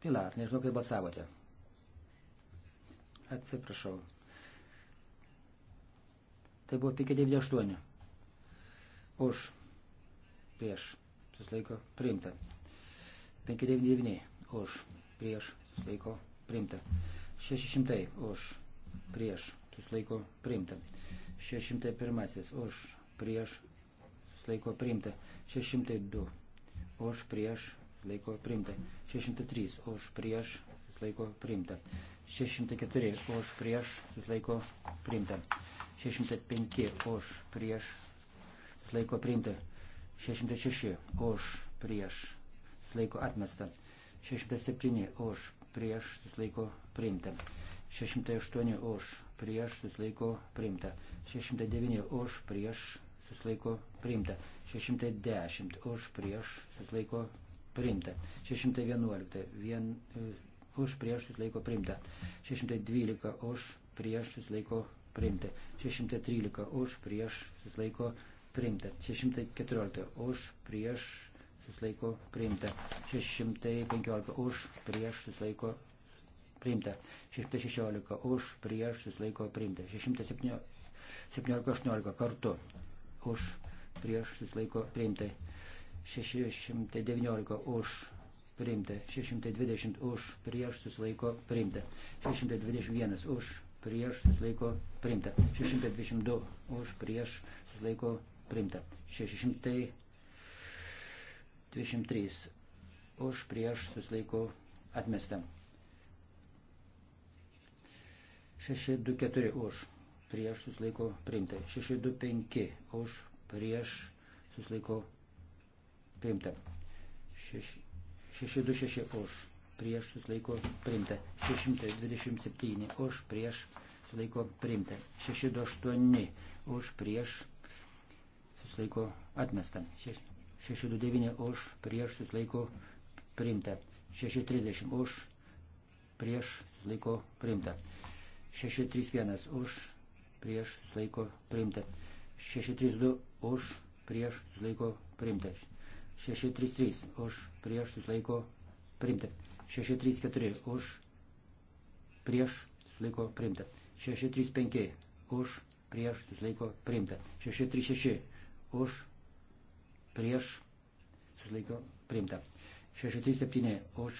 Pilar, nežinau, kaip balsavote. Atsiprašau. Tai buvo 598. Už. Prieš. Suslaiko. Primta. 599. Už. Prieš. Suslaiko. Primta. 600. Už. Prieš. Suslaiko. Primta. 601. Už. Prieš. Suslaiko. Primta. 602. Už. Prieš laiko priimta. 603 už prieš susilaiko priimta. 604 už prieš susilaiko priimta. 605 už prieš susilaiko priimta. 606 už prieš susilaiko atmesta. 607 už prieš susilaiko priimta. 608 už prieš susilaiko priimta. 609 už prieš susilaiko priimta. 610 už prieš susilaiko priimta. 611 vien, e, už prieš susilaiko priimta. 612 už prieš susilaiko priimta. 613 už prieš susilaiko priimta. 614 už prieš susilaiko priimta. 615 už prieš susilaiko priimta. 616 už prieš susilaiko priimta. 617 17-18 kartu už prieš susilaiko priimtai. 619 už priimta, 620 už prieš susilaiko priimta, 621 už prieš susilaiko priimta, 622 už prieš susilaiko priimta, 623 už prieš susilaiko atmesta, 624 už prieš susilaiko priimta, 625 už prieš susilaiko priimta priimta. 626 už, prieš susilaiko priimta. 627 už, prieš susilaiko priimta. 628 už, prieš susilaiko atmesta. 629 už, prieš susilaiko priimta. 630 už, prieš susilaiko priimta. 631 už, prieš susilaiko priimta. 632 už, prieš susilaiko priimta. 633 už prieš susilaiko priimta. 634 už prieš susilaiko priimta. 635 už prieš susilaiko priimta. 636 už prieš susilaiko priimta. 637 už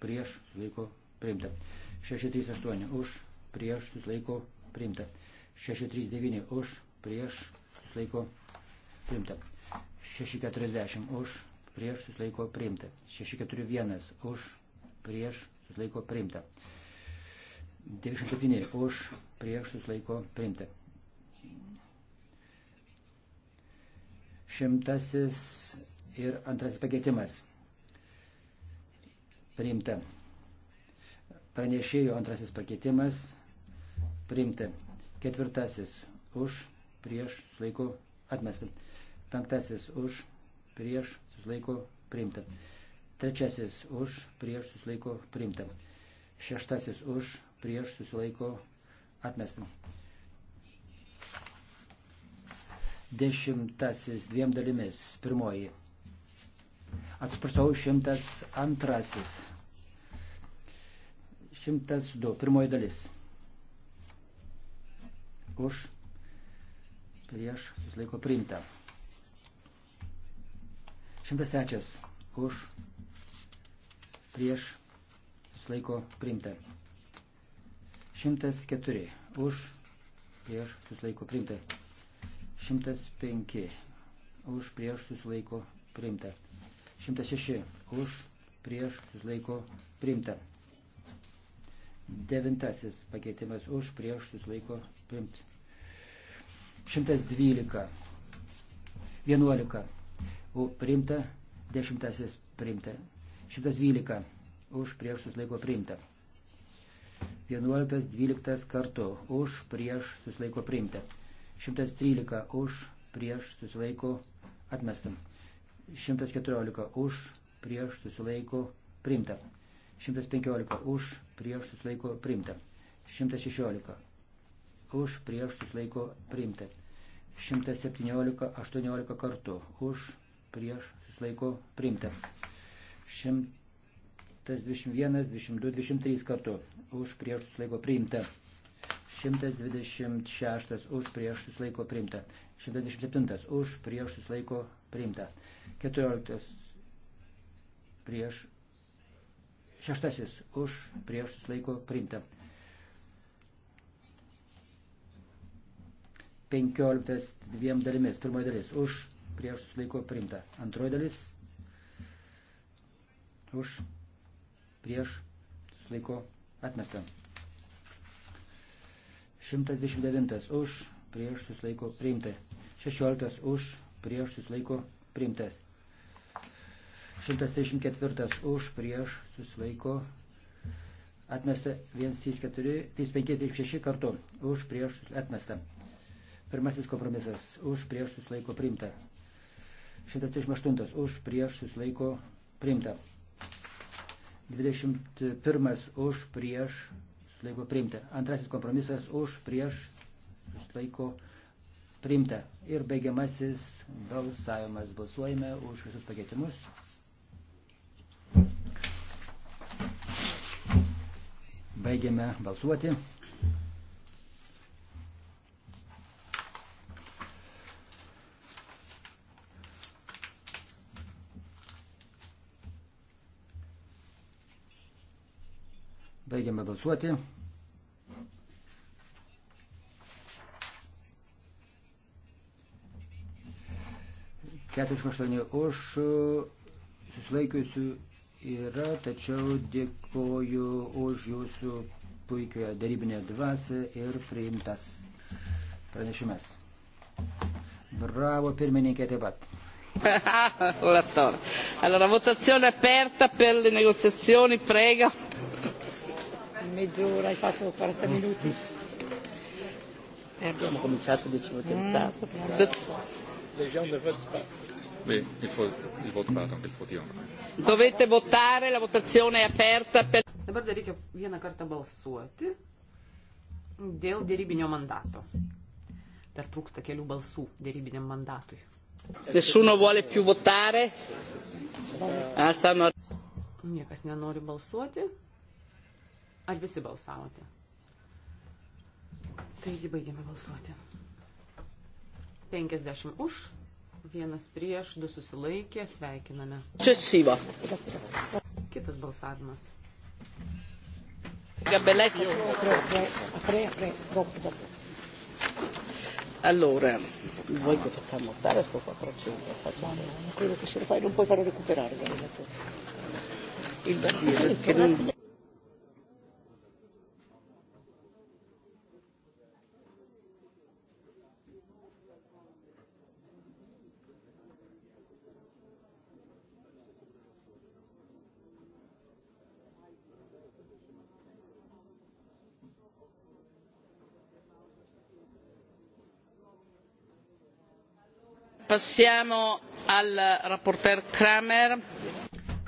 prieš susilaiko priimta. 638 už prieš susilaiko priimta. 639 už prieš susilaiko priimta. 640 už, prieš susilaiko priimta. 641 už, prieš susilaiko priimta. 97 už, prieš susilaiko priimta. Šimtasis ir antrasis pakeitimas. Priimta. Pranešėjo antrasis pakeitimas. Priimta. Ketvirtasis už, prieš susilaiko atmestą. Penktasis už, prieš, susilaiko, priimta. Trečiasis už, prieš, susilaiko, priimta. Šeštasis už, prieš, susilaiko, atmesta. Dešimtasis dviem dalimis. Pirmoji. Atsiprašau, šimtas antrasis. Šimtas du. Pirmoji dalis. Už, prieš, susilaiko, priimta. 103 už prieš susilaiko priimta. 104 už prieš susilaiko priimta. 105 už prieš susilaiko priimta. 106 už prieš susilaiko priimta. Devintasis pakeitimas už prieš susilaiko priimta. 112. 11 priimta, dešimtasis priimta, 112 už prieš susilaiko priimta. 11, 12 kartu už prieš susilaiko priimta. 113 už prieš susilaiko atmestam. 114 už prieš susilaiko priimta. 115 už prieš susilaiko priimta. 116 už prieš susilaiko priimta. 117, 18 kartų už prieš susilaiko priimta. 121, 22, 23 kartų už prieš susilaiko priimta. 126 už prieš susilaiko priimta. 127 už prieš susilaiko priimta. 14 prieš. 6 už prieš susilaiko priimta. 15 dviem dalimis. Pirmoji dalis už prieš sulaiko primta. Antroji dalis už prieš sulaiko atmesta. 129 už prieš susilaiko priimta. 16 už prieš susilaiko priimtas. 134 už prieš susilaiko atmesta. 1, 3, 4, 3, 5, 3, 6 kartu už prieš atmesta. Pirmasis kompromisas už prieš susilaiko priimta. 138 už prieš susilaiko priimta. 21 už prieš susilaiko priimta. Antrasis kompromisas už prieš susilaiko priimta. Ir baigiamasis balsavimas. Balsuojame už visus pakeitimus. Baigiame balsuoti. Baigiame balsuoti. Keturiasdešimt aštuoni už susilaikiusių yra, tačiau dėkoju už jūsų puikią darybinę dvasę ir priimtas pranešimas. Bravo pirmininkė taip pat. allora, votazione aperta per le negoziazioni, prega mezz'ora, hai fatto 40 mm. minuti. Eh, abbiamo cominciato 10 minuti in ritardo. Dovete votare, la votazione è aperta. Per... Dabar dar reikia vieną kartą balsuoti dėl dėrybinio mandato. Dar trūksta kelių balsų dėrybiniam mandatui. Nessuno vuole più votare? Ah, stanno... Niekas nenori balsuoti. Ar visi balsavote? Taigi baigiame balsuoti. 50 už, vienas prieš, du susilaikė, sveikiname. Čia syva. Kitas balsavimas. Gabeletto. Allora, voi che facciamo votare sto 400? Facciamo quello che se lo fai non puoi farlo recuperare. Il bambino che non... Passiamo al rapporter Kramer.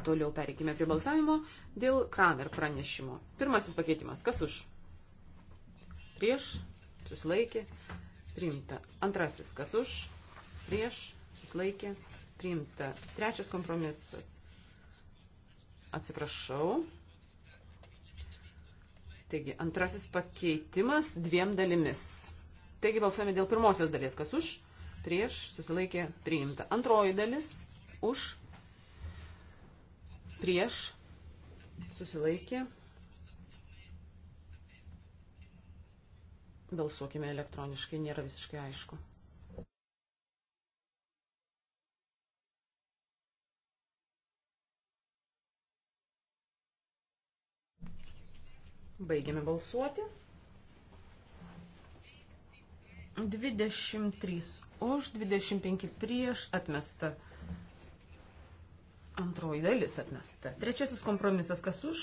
Toliau pereikime prie balsavimo dėl Kramer pranešimo. Pirmasis pakeitimas. Kas už? Prieš. Susilaikė. Priimta. Antrasis. Kas už? Prieš. Susilaikė. Priimta. Trečias kompromisas. Atsiprašau. Taigi, antrasis pakeitimas dviem dalimis. Taigi, balsuojame dėl pirmosios dalies. Kas už? prieš, susilaikė priimta. Antroji dalis už, prieš, susilaikė. Balsuokime elektroniškai, nėra visiškai aišku. Baigiame balsuoti. 23 už, 25 prieš atmesta. Antroji dalis atmesta. Trečiasis kompromisas kas už?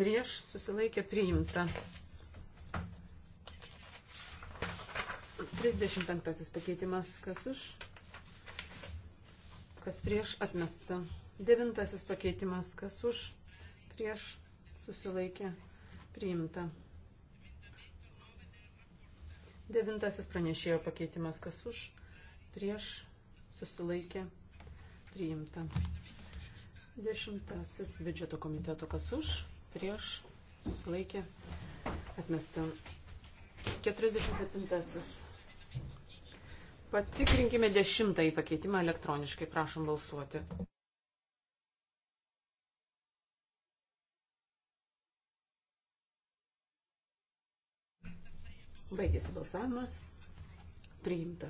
Prieš susilaikė priimta. 35 pakeitimas kas už? Kas prieš atmesta. Devintasis pakeitimas kas už? Prieš susilaikė priimta. Devintasis pranešėjo pakeitimas, kas už, prieš, susilaikė, priimta. Dešimtasis biudžeto komiteto, kas už, prieš, susilaikė, atmesta. Keturiasdešimt septintasis. Patikrinkime dešimtąjį pakeitimą elektroniškai, prašom balsuoti. Baigėsi balsavimas. Priimta.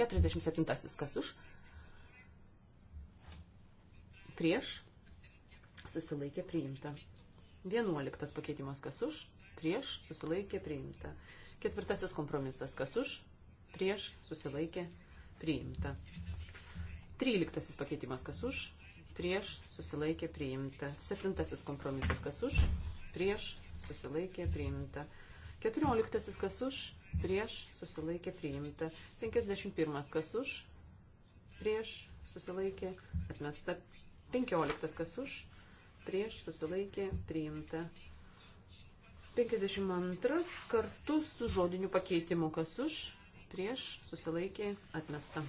Keturiasdešimt septintasis. Kas už? Prieš. Susilaikė priimta. Vienuoliktas pakeitimas. Kas už? Prieš. Susilaikė priimta. Ketvirtasis kompromisas. Kas už? Prieš. Susilaikė priimta. Tryliktasis pakeitimas. Kas už? prieš susilaikė priimta. Septintasis kompromisas kas už, prieš susilaikė priimta. Keturioliktasis kas už, prieš susilaikė priimta. Penkiasdešimt pirmas kas už, prieš susilaikė atmesta. Penkioliktas kas už, prieš susilaikė priimta. 52 kartu su žodiniu pakeitimu kas už, prieš susilaikė atmesta.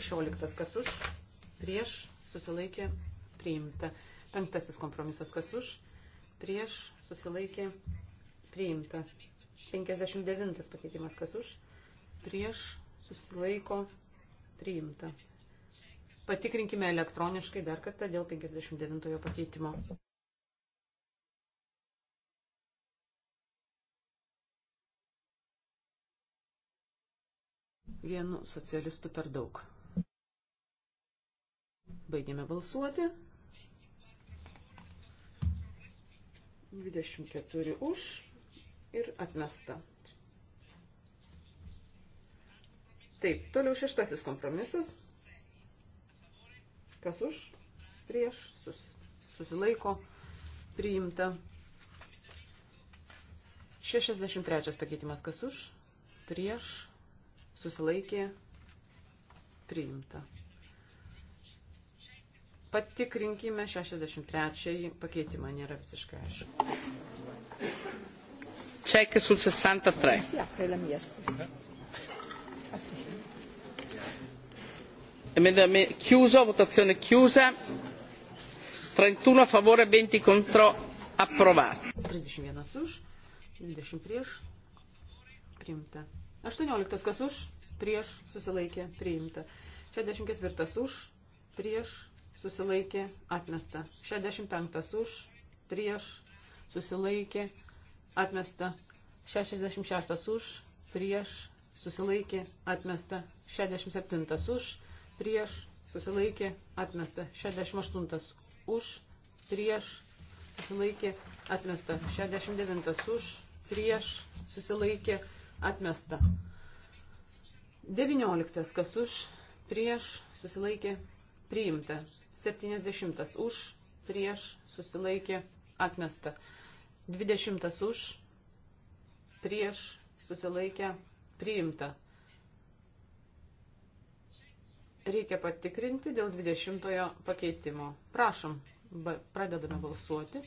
16. Kas už, prieš, susilaikė, priimta. Penktasis kompromisas. Kas už, prieš, susilaikė, priimta. 59 pakeitimas. Kas už, prieš, susilaiko, priimta. Patikrinkime elektroniškai dar kartą dėl 59 pakeitimo. vienu socialistu per daug. Baigėme balsuoti. 24 už ir atmesta. Taip, toliau šeštasis kompromisas. Kas už, prieš, sus, susilaiko, priimta. 63 pakeitimas. Kas už, prieš, susilaikė, priimta. Patikrinkime 63 pakeitimą, nėra visiškai aišku. Check sul 63. Si apre la mia, scusa. Ah, sì. Chiuso, votazione chiusa. 31 a favore, 20 contro, approvato. 31 už, 20 prieš, priimta. 18 kas už, prieš, susilaikė, priimta. 64 už, prieš, susilaikė, atmesta. 65 už, prieš, susilaikė, atmesta. 66 už, prieš, susilaikė, atmesta. 67 už, prieš, susilaikė, atmesta. 68 už, prieš, susilaikė, atmesta. 69 už, prieš, susilaikė, atmesta. 19 kas už, prieš, susilaikė, priimta. 70 už, prieš, susilaikė, atmesta. 20 už, prieš, susilaikė, priimta. Reikia patikrinti dėl 20 pakeitimo. Prašom, pradedame balsuoti.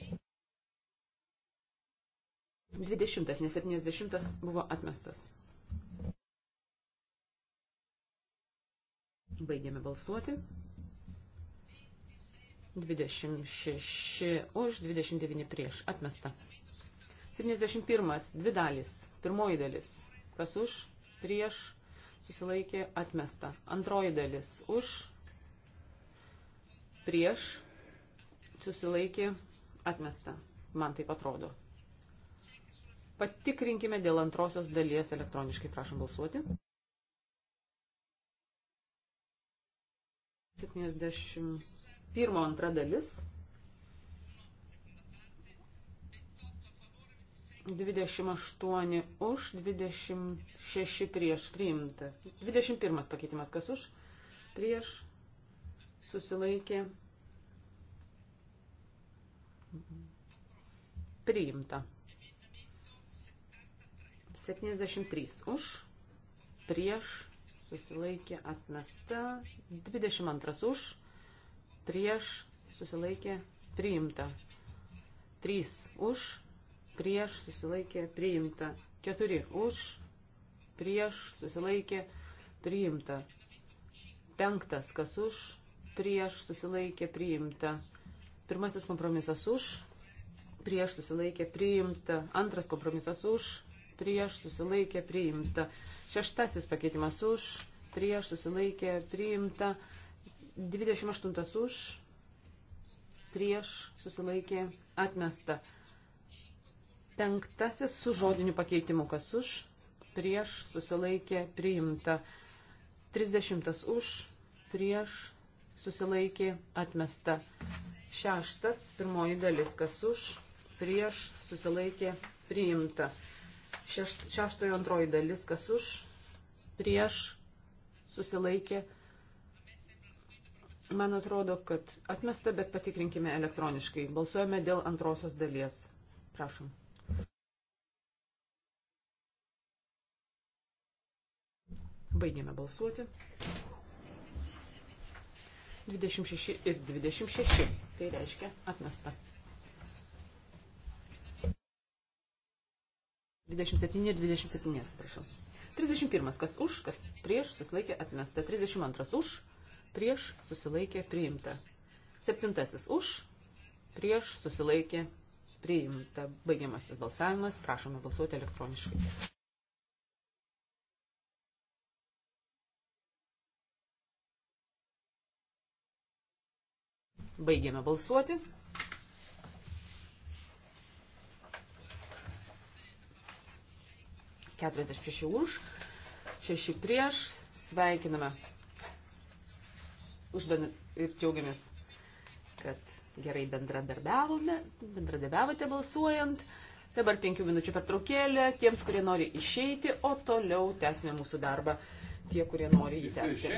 20, nes 70 buvo atmestas. Baigėme balsuoti. 26 už, 29 prieš. Atmesta. 71. Dvi dalys. Pirmoji dalis. Kas už, prieš, susilaikė, atmesta. Antroji dalis. Už, prieš, susilaikė, atmesta. Man taip atrodo. Patikrinkime dėl antrosios dalies elektroniškai. Prašom balsuoti. 70. Pirmo antra dalis. 28 už, 26 prieš priimta. 21 pakeitimas kas už, prieš susilaikė priimta. 73 už, prieš susilaikė atmesta, 22 už prieš, susilaikė, priimta. 3 už, prieš, susilaikė, priimta. 4 už, prieš, susilaikė, priimta. 5 kas už, prieš, susilaikė, priimta. Pirmasis kompromisas už, prieš, susilaikė, priimta. Antras kompromisas už, prieš, susilaikė, priimta. Šeštasis pakeitimas už, prieš, susilaikė, priimta. 28 už, prieš susilaikė atmesta. Penktasis su žodiniu pakeitimu, kas už, prieš susilaikė priimta. 30 už, prieš susilaikė atmesta. Šeštas, pirmoji dalis, kas už, prieš susilaikė priimta. Šeštojo antroji dalis, kas už, prieš susilaikė priimta Man atrodo, kad atmesta, bet patikrinkime elektroniškai. Balsuojame dėl antrosios dalies. Prašom. Baigėme balsuoti. 26 ir 26. Tai reiškia atmesta. 27 ir 27, atsiprašau. 31. Kas už, kas prieš, susilaikė atmesta. 32. Už, prieš susilaikė priimta. Septintasis už, prieš susilaikė priimta. Baigiamasis balsavimas, prašome balsuoti elektroniškai. Baigėme balsuoti. Keturiasdešimt šeši už, šeši prieš. Sveikiname užben... ir džiaugiamės, kad gerai bendradarbiavome, bendradarbiavote balsuojant. Dabar penkių minučių pertraukėlė tiems, kurie nori išeiti, o toliau tęsime mūsų darbą tie, kurie nori jį tęsti.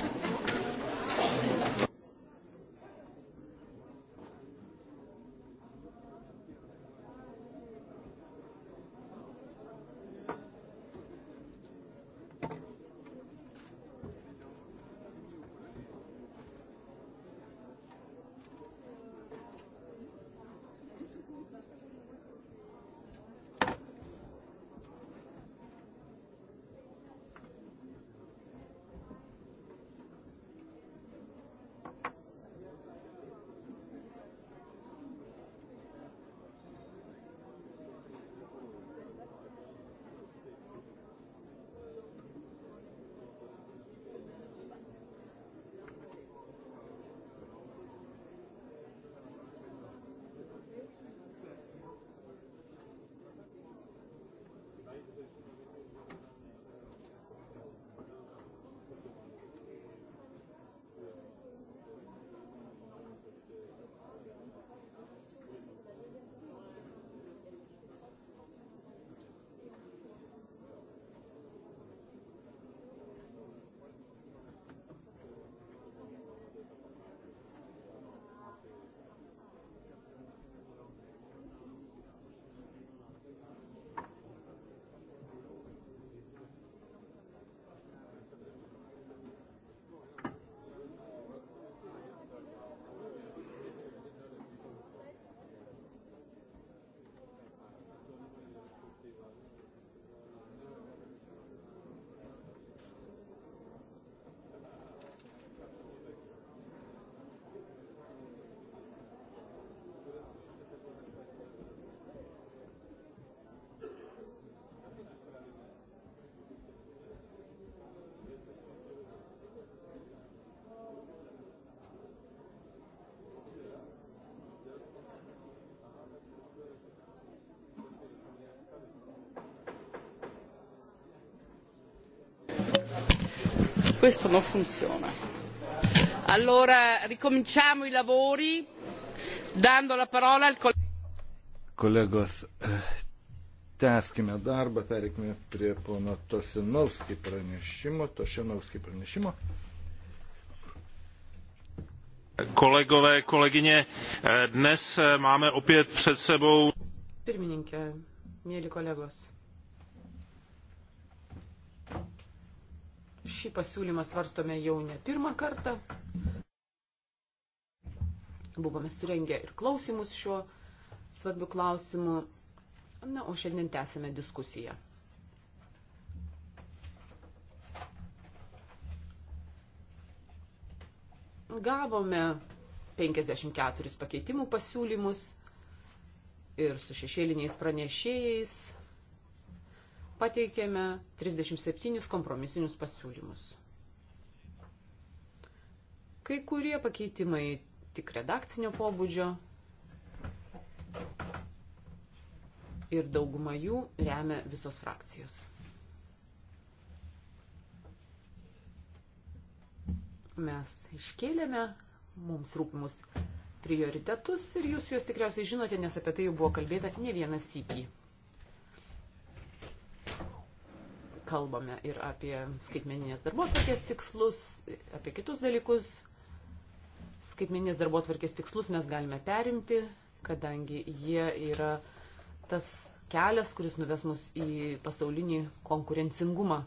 questo non funziona. Allora ricominciamo i lavori dando la parola al collega. Kolegos, eh, tęskime darbą, pereikime prie pono Tosinovskį pranešimo, Tošinovskį pranešimo. Kolegové, kolegyně, eh, dnes eh, máme opět před sebou. Pirmininkė, mėly kolegos, Šį pasiūlymą svarstome jau ne pirmą kartą. Buvome surengę ir klausimus šiuo svarbiu klausimu. Na, o šiandien tęsime diskusiją. Gavome 54 pakeitimų pasiūlymus ir su šešėliniais pranešėjais pateikėme 37 kompromisinius pasiūlymus. Kai kurie pakeitimai tik redakcinio pobūdžio ir dauguma jų remia visos frakcijos. Mes iškėlėme mums rūpimus prioritetus ir jūs juos tikriausiai žinote, nes apie tai jau buvo kalbėta ne vienas sykį. kalbame ir apie skaitmeninės darbotvarkės tikslus, apie kitus dalykus. Skaitmeninės darbotvarkės tikslus mes galime perimti, kadangi jie yra tas kelias, kuris nuves mus į pasaulinį konkurencingumą.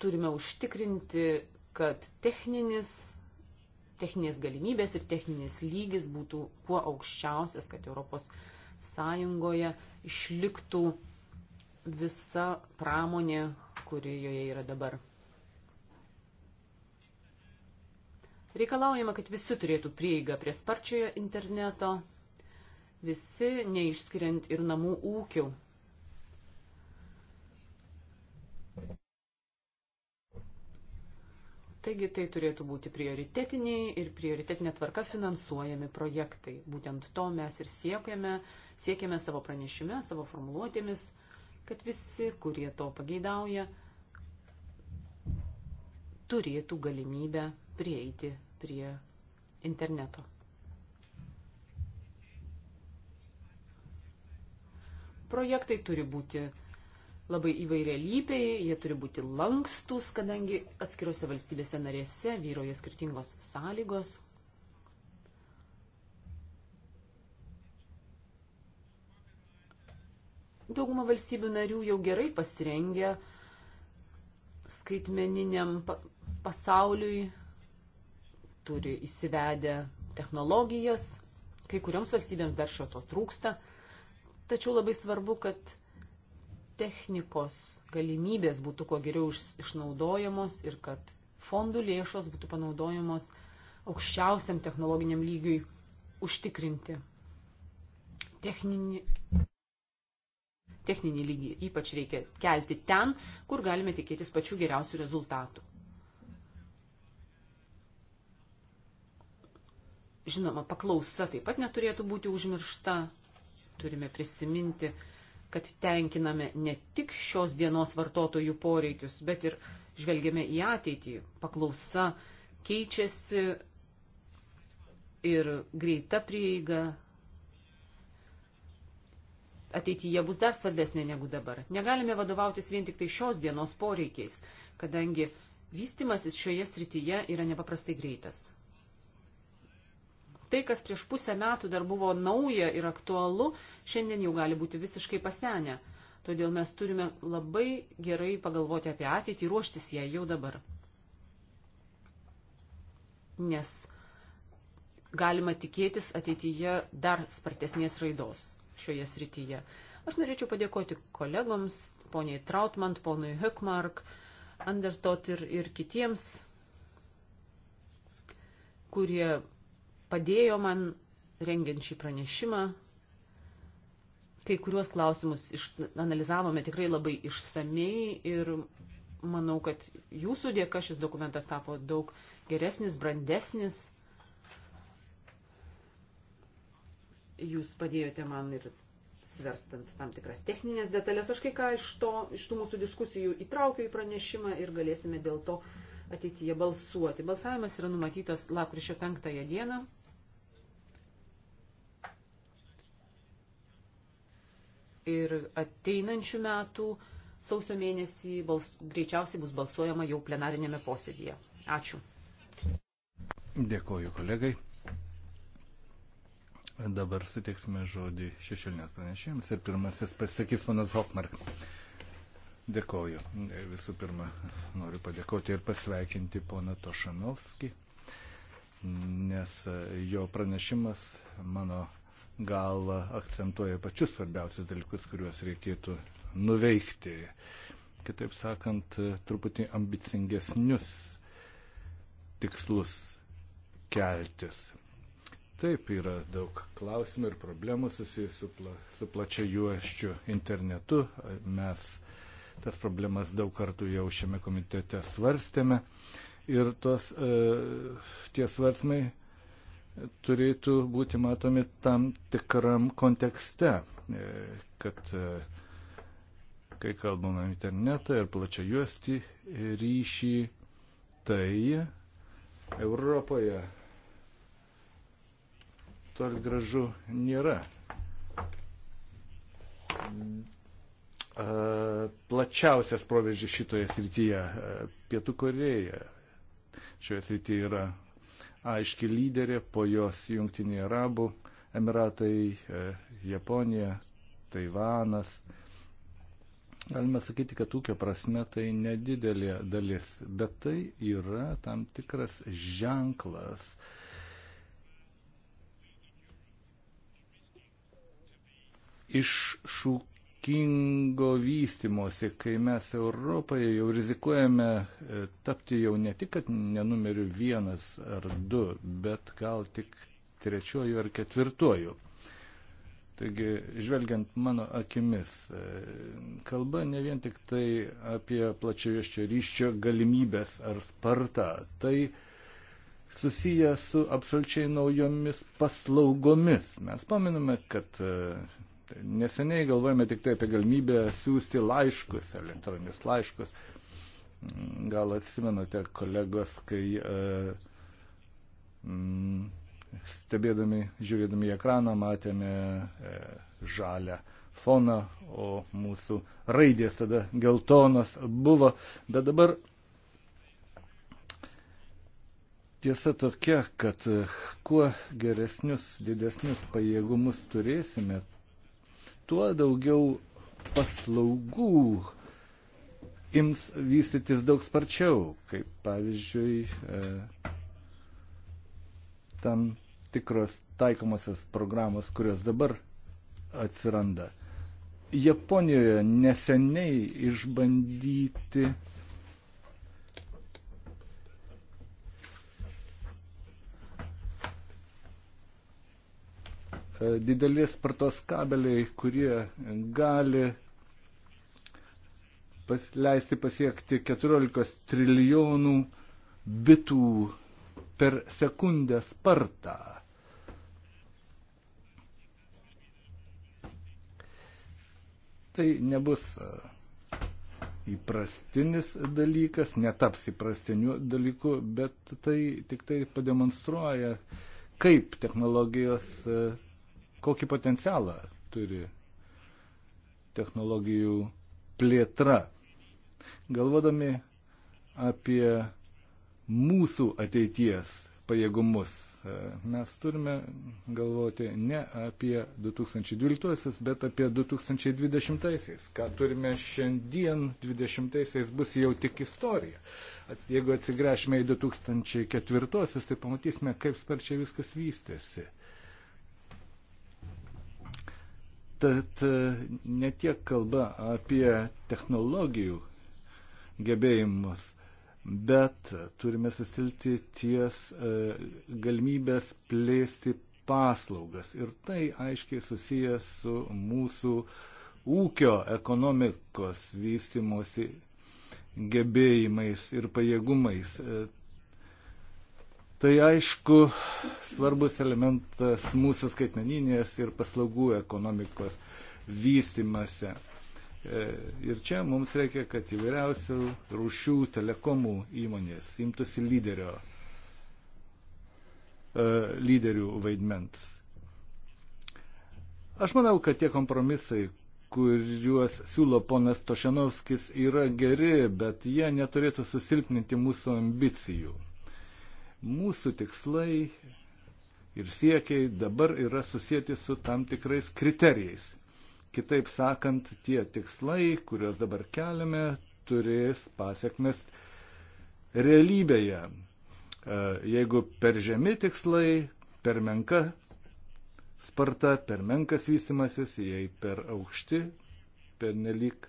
Turime užtikrinti, kad techninis techninės galimybės ir techninis lygis būtų kuo aukščiausias, kad Europos Sąjungoje išliktų visa pramonė, kuri joje yra dabar. Reikalaujama, kad visi turėtų prieigą prie sparčiojo interneto, visi neišskiriant ir namų ūkių Taigi tai turėtų būti prioritetiniai ir prioritetinė tvarka finansuojami projektai. Būtent to mes ir siekiame, siekiame savo pranešime, savo formuluotėmis, kad visi, kurie to pageidauja, turėtų galimybę prieiti prie interneto. Projektai turi būti labai įvairialypiai, jie turi būti lankstus, kadangi atskirose valstybėse narėse vyroja skirtingos sąlygos. Dauguma valstybių narių jau gerai pasirengia skaitmeniniam pasauliui, turi įsivedę technologijas, kai kurioms valstybėms dar šio to trūksta. Tačiau labai svarbu, kad technikos galimybės būtų kuo geriau išnaudojamos ir kad fondų lėšos būtų panaudojamos aukščiausiam technologiniam lygiui užtikrinti. Techninį, techninį lygį ypač reikia kelti ten, kur galime tikėtis pačių geriausių rezultatų. Žinoma, paklausa taip pat neturėtų būti užmiršta. Turime prisiminti, kad tenkiname ne tik šios dienos vartotojų poreikius, bet ir žvelgiame į ateitį. Paklausa keičiasi ir greita prieiga ateityje bus dar svarbesnė negu dabar. Negalime vadovautis vien tik tai šios dienos poreikiais, kadangi vystimasis šioje srityje yra nepaprastai greitas tai, kas prieš pusę metų dar buvo nauja ir aktualu, šiandien jau gali būti visiškai pasenę. Todėl mes turime labai gerai pagalvoti apie ateitį, ruoštis ją jau dabar. Nes galima tikėtis ateityje dar spartesnės raidos šioje srityje. Aš norėčiau padėkoti kolegoms, poniai Trautmant, ponui Hökmark, Andersdot ir, ir kitiems, kurie padėjo man rengiant šį pranešimą. Kai kuriuos klausimus iš, analizavome tikrai labai išsamei ir manau, kad jūsų dėka šis dokumentas tapo daug geresnis, brandesnis. Jūs padėjote man ir svarstant tam tikras techninės detalės. Aš kai ką iš, to, iš tų mūsų diskusijų įtraukiu į pranešimą ir galėsime dėl to ateityje balsuoti. Balsavimas yra numatytas lakryčio 5 dieną. ir ateinančių metų sausio mėnesį bals, greičiausiai bus balsuojama jau plenarinėme posėdėje. Ačiū. Dėkoju kolegai. Dabar suteiksime žodį šešėlinės pranešėjams ir pirmasis pasisakys panas Hofmark. Dėkoju. Visų pirma, noriu padėkoti ir pasveikinti poną Tošanovskį, nes jo pranešimas mano gal akcentuoja pačius svarbiausius dalykus, kuriuos reikėtų nuveikti. Kitaip sakant, truputį ambicingesnius tikslus keltis. Taip yra daug klausimų ir problemų susijusių su, pla, su plačia juoščiu internetu. Mes tas problemas daug kartų jau šiame komitete svarstėme. Ir tos, e, tie svarsmai turėtų būti matomi tam tikram kontekste, e, kad e, kai kalbame internetą ir plačia juosti ryšį, tai Europoje toli gražu nėra. Plačiausias proveržys šitoje srityje Pietų Koreja. Šioje srityje yra aiški lyderė, po jos Junktiniai Arabų Emiratai, e, Japonija, Taivanas. Galima sakyti, kad ūkio prasme tai nedidelė dalis, bet tai yra tam tikras ženklas, iš šūk atsakingo vystimosi, kai mes Europoje jau rizikuojame e, tapti jau ne tik, kad nenumeriu vienas ar du, bet gal tik trečiuoju ar ketvirtuoju. Taigi, žvelgiant mano akimis, e, kalba ne vien tik tai apie plačiojoščio ryščio galimybės ar spartą, tai susiję su absoliučiai naujomis paslaugomis. Mes paminame, kad e, Neseniai galvojame tik tai apie galimybę siūsti laiškus, elektroninius laiškus. Gal atsimenate, kolegos, kai e, m, stebėdami, žiūrėdami į ekraną, matėme e, žalę foną, o mūsų raidės tada geltonas buvo. Bet dabar tiesa tokia, kad e, kuo geresnius, didesnius pajėgumus turėsime, tuo daugiau paslaugų ims vystytis daug sparčiau, kaip pavyzdžiui e, tam tikros taikomosios programos, kurios dabar atsiranda. Japonijoje neseniai išbandyti E, didelės spartos kabeliai, kurie gali pas, leisti pasiekti 14 trilijonų bitų per sekundę spartą. Tai nebus e, įprastinis dalykas, netaps įprastiniu dalyku, bet tai tik tai pademonstruoja, kaip technologijos e, kokį potencialą turi technologijų plėtra. Galvodami apie mūsų ateities pajėgumus, e, mes turime galvoti ne apie 2012, bet apie 2020. -aisiais. Ką turime šiandien 2020 bus jau tik istorija. Jeigu atsigręšime į 2004, tai pamatysime, kaip sparčiai viskas vystėsi. Tad e, ne tiek kalba apie technologijų gebėjimus, bet turime sustilti ties e, galimybės plėsti paslaugas. Ir tai aiškiai susijęs su mūsų ūkio ekonomikos vystimosi gebėjimais ir pajėgumais. E, Tai aišku, svarbus elementas mūsų skaitmeninės ir paslaugų ekonomikos vystimase. Ir čia mums reikia, kad įvairiausių rūšių telekomų įmonės imtųsi lyderio, e, lyderių vaidmens. Aš manau, kad tie kompromisai, kuriuos siūlo ponas Tošenovskis, yra geri, bet jie neturėtų susilpninti mūsų ambicijų. Mūsų tikslai ir siekiai dabar yra susijęti su tam tikrais kriterijais. Kitaip sakant, tie tikslai, kuriuos dabar keliame, turės pasiekmes realybėje. E, jeigu per žemi tikslai, per menka sparta, per menkas vystimasis, jei per aukšti, per nelik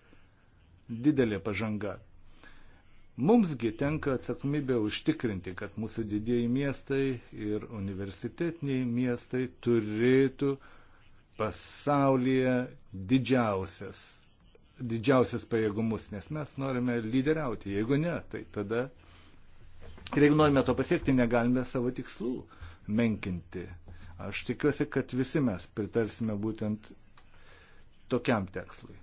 didelė pažanga. Mumsgi tenka atsakomybė užtikrinti, kad mūsų didieji miestai ir universitetiniai miestai turėtų pasaulyje didžiausias, didžiausias pajėgumus, nes mes norime lyderiauti. Jeigu ne, tai tada ir jeigu norime to pasiekti, negalime savo tikslų menkinti. Aš tikiuosi, kad visi mes pritarsime būtent tokiam tekslui.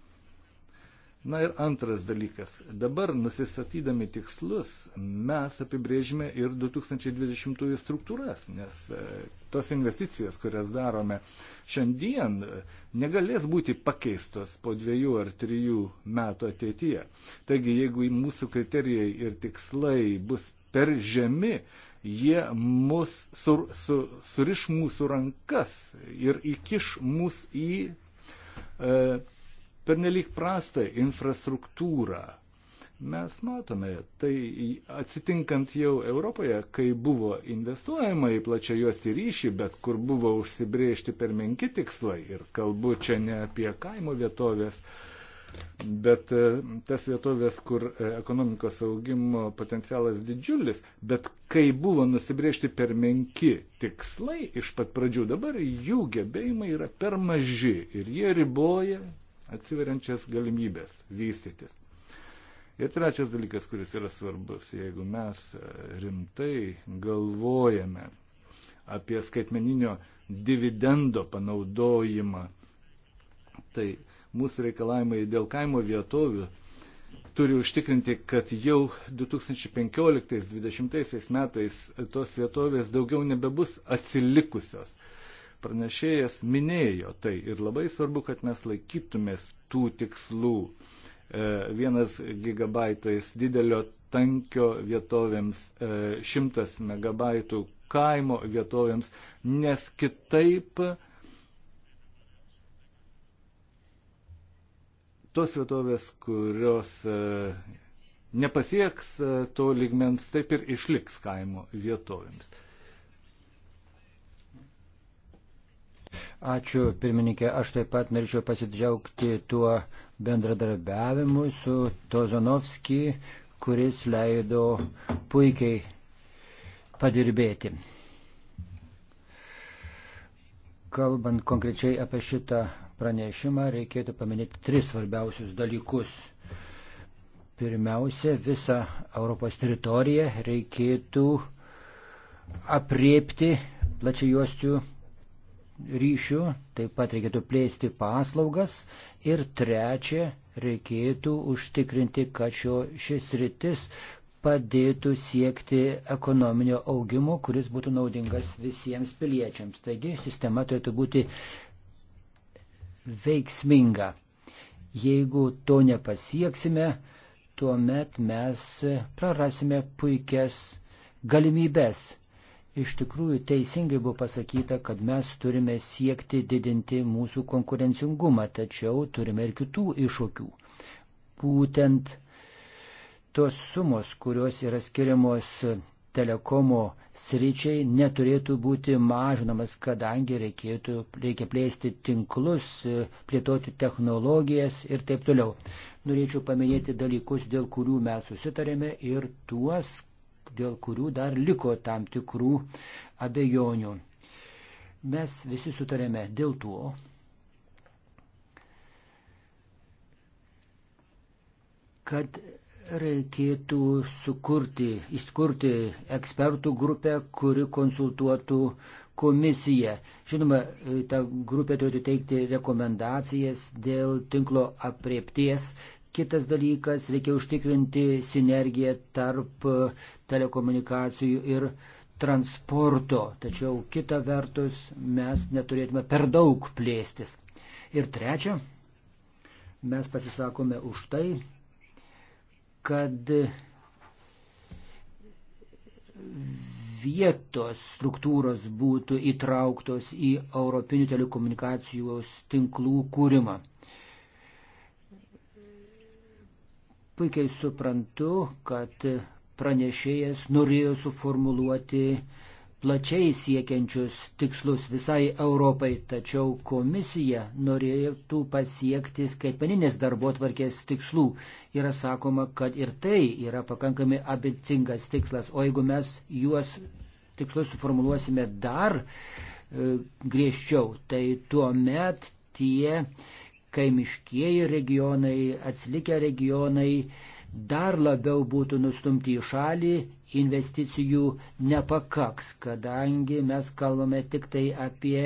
Na ir antras dalykas. Dabar nusistatydami tikslus mes apibrėžime ir 2020 struktūras, nes e, tos investicijas, kurias darome šiandien, negalės būti pakeistos po dviejų ar trijų metų ateityje. Taigi, jeigu mūsų kriterijai ir tikslai bus per žemi, jie mus sur, su, suriš mūsų rankas ir įkiš mus į. E, pernelyg prastą infrastruktūrą. Mes matome, tai atsitinkant jau Europoje, kai buvo investuojama į plačią juostį ryšį, bet kur buvo užsibriežti per menki tikslai, ir kalbu čia ne apie kaimo vietovės, bet e, tas vietovės, kur e, ekonomikos augimo potencialas didžiulis, bet kai buvo nusibriežti per menki tikslai iš pat pradžių, dabar jų gebėjimai yra per maži ir jie riboja atsiveriančias galimybės vystytis. Ir trečias dalykas, kuris yra svarbus, jeigu mes e, rimtai galvojame apie skaitmeninio dividendo panaudojimą, tai mūsų reikalavimai dėl kaimo vietovių turi užtikrinti, kad jau 2015-2020 metais tos vietovės daugiau nebebus atsilikusios. Pranešėjas minėjo tai ir labai svarbu, kad mes laikytumės tų tikslų. E, vienas gigabaitais didelio tankio vietovėms, e, šimtas megabaitų kaimo vietovėms, nes kitaip tos vietovės, kurios e, nepasieks to ligmens, taip ir išliks kaimo vietovėms. Ačiū pirmininkė, aš taip pat norėčiau pasidžiaugti tuo bendradarbiavimu su Tozanovski, kuris leido puikiai padirbėti. Kalbant konkrečiai apie šitą pranešimą, reikėtų paminėti tris svarbiausius dalykus. Pirmiausia, visą Europos teritoriją reikėtų apriepti plačiai juostų ryšių, taip pat reikėtų plėsti paslaugas ir trečia, reikėtų užtikrinti, kad šio, šis rytis padėtų siekti ekonominio augimo, kuris būtų naudingas visiems piliečiams. Taigi sistema turėtų būti veiksminga. Jeigu to nepasieksime, tuomet mes prarasime puikias galimybės Iš tikrųjų teisingai buvo pasakyta, kad mes turime siekti didinti mūsų konkurencingumą, tačiau turime ir kitų iššūkių. Būtent tos sumos, kurios yra skiriamos telekomo sričiai, neturėtų būti mažinamas, kadangi reikėtų, reikia plėsti tinklus, plėtoti technologijas ir taip toliau. Norėčiau paminėti dalykus, dėl kurių mes susitarėme ir tuos, dėl kurių dar liko tam tikrų abejonių. Mes visi sutarėme dėl to, kad reikėtų sukurti, įskurti ekspertų grupę, kuri konsultuotų komisiją. Žinoma, ta grupė turėtų teikti rekomendacijas dėl tinklo apriepties, Kitas dalykas, reikia užtikrinti sinergiją tarp e, telekomunikacijų ir transporto. Tačiau kita vertus, mes neturėtume per daug plėstis. Ir trečia, mes pasisakome už tai, kad vietos struktūros būtų įtrauktos į Europinių telekomunikacijos tinklų kūrimą. Puikiai suprantu, kad pranešėjas norėjo suformuluoti plačiai siekiančius tikslus visai Europai, tačiau komisija norėtų pasiekti skaitmeninės darbo tvarkės tikslų. Yra sakoma, kad ir tai yra pakankamai abicingas tikslas, o jeigu mes juos tikslus suformuluosime dar e, griežčiau, tai tuo met tie kaimiškieji regionai, atsilikę regionai dar labiau būtų nustumti į šalį, investicijų nepakaks, kadangi mes kalbame tik tai apie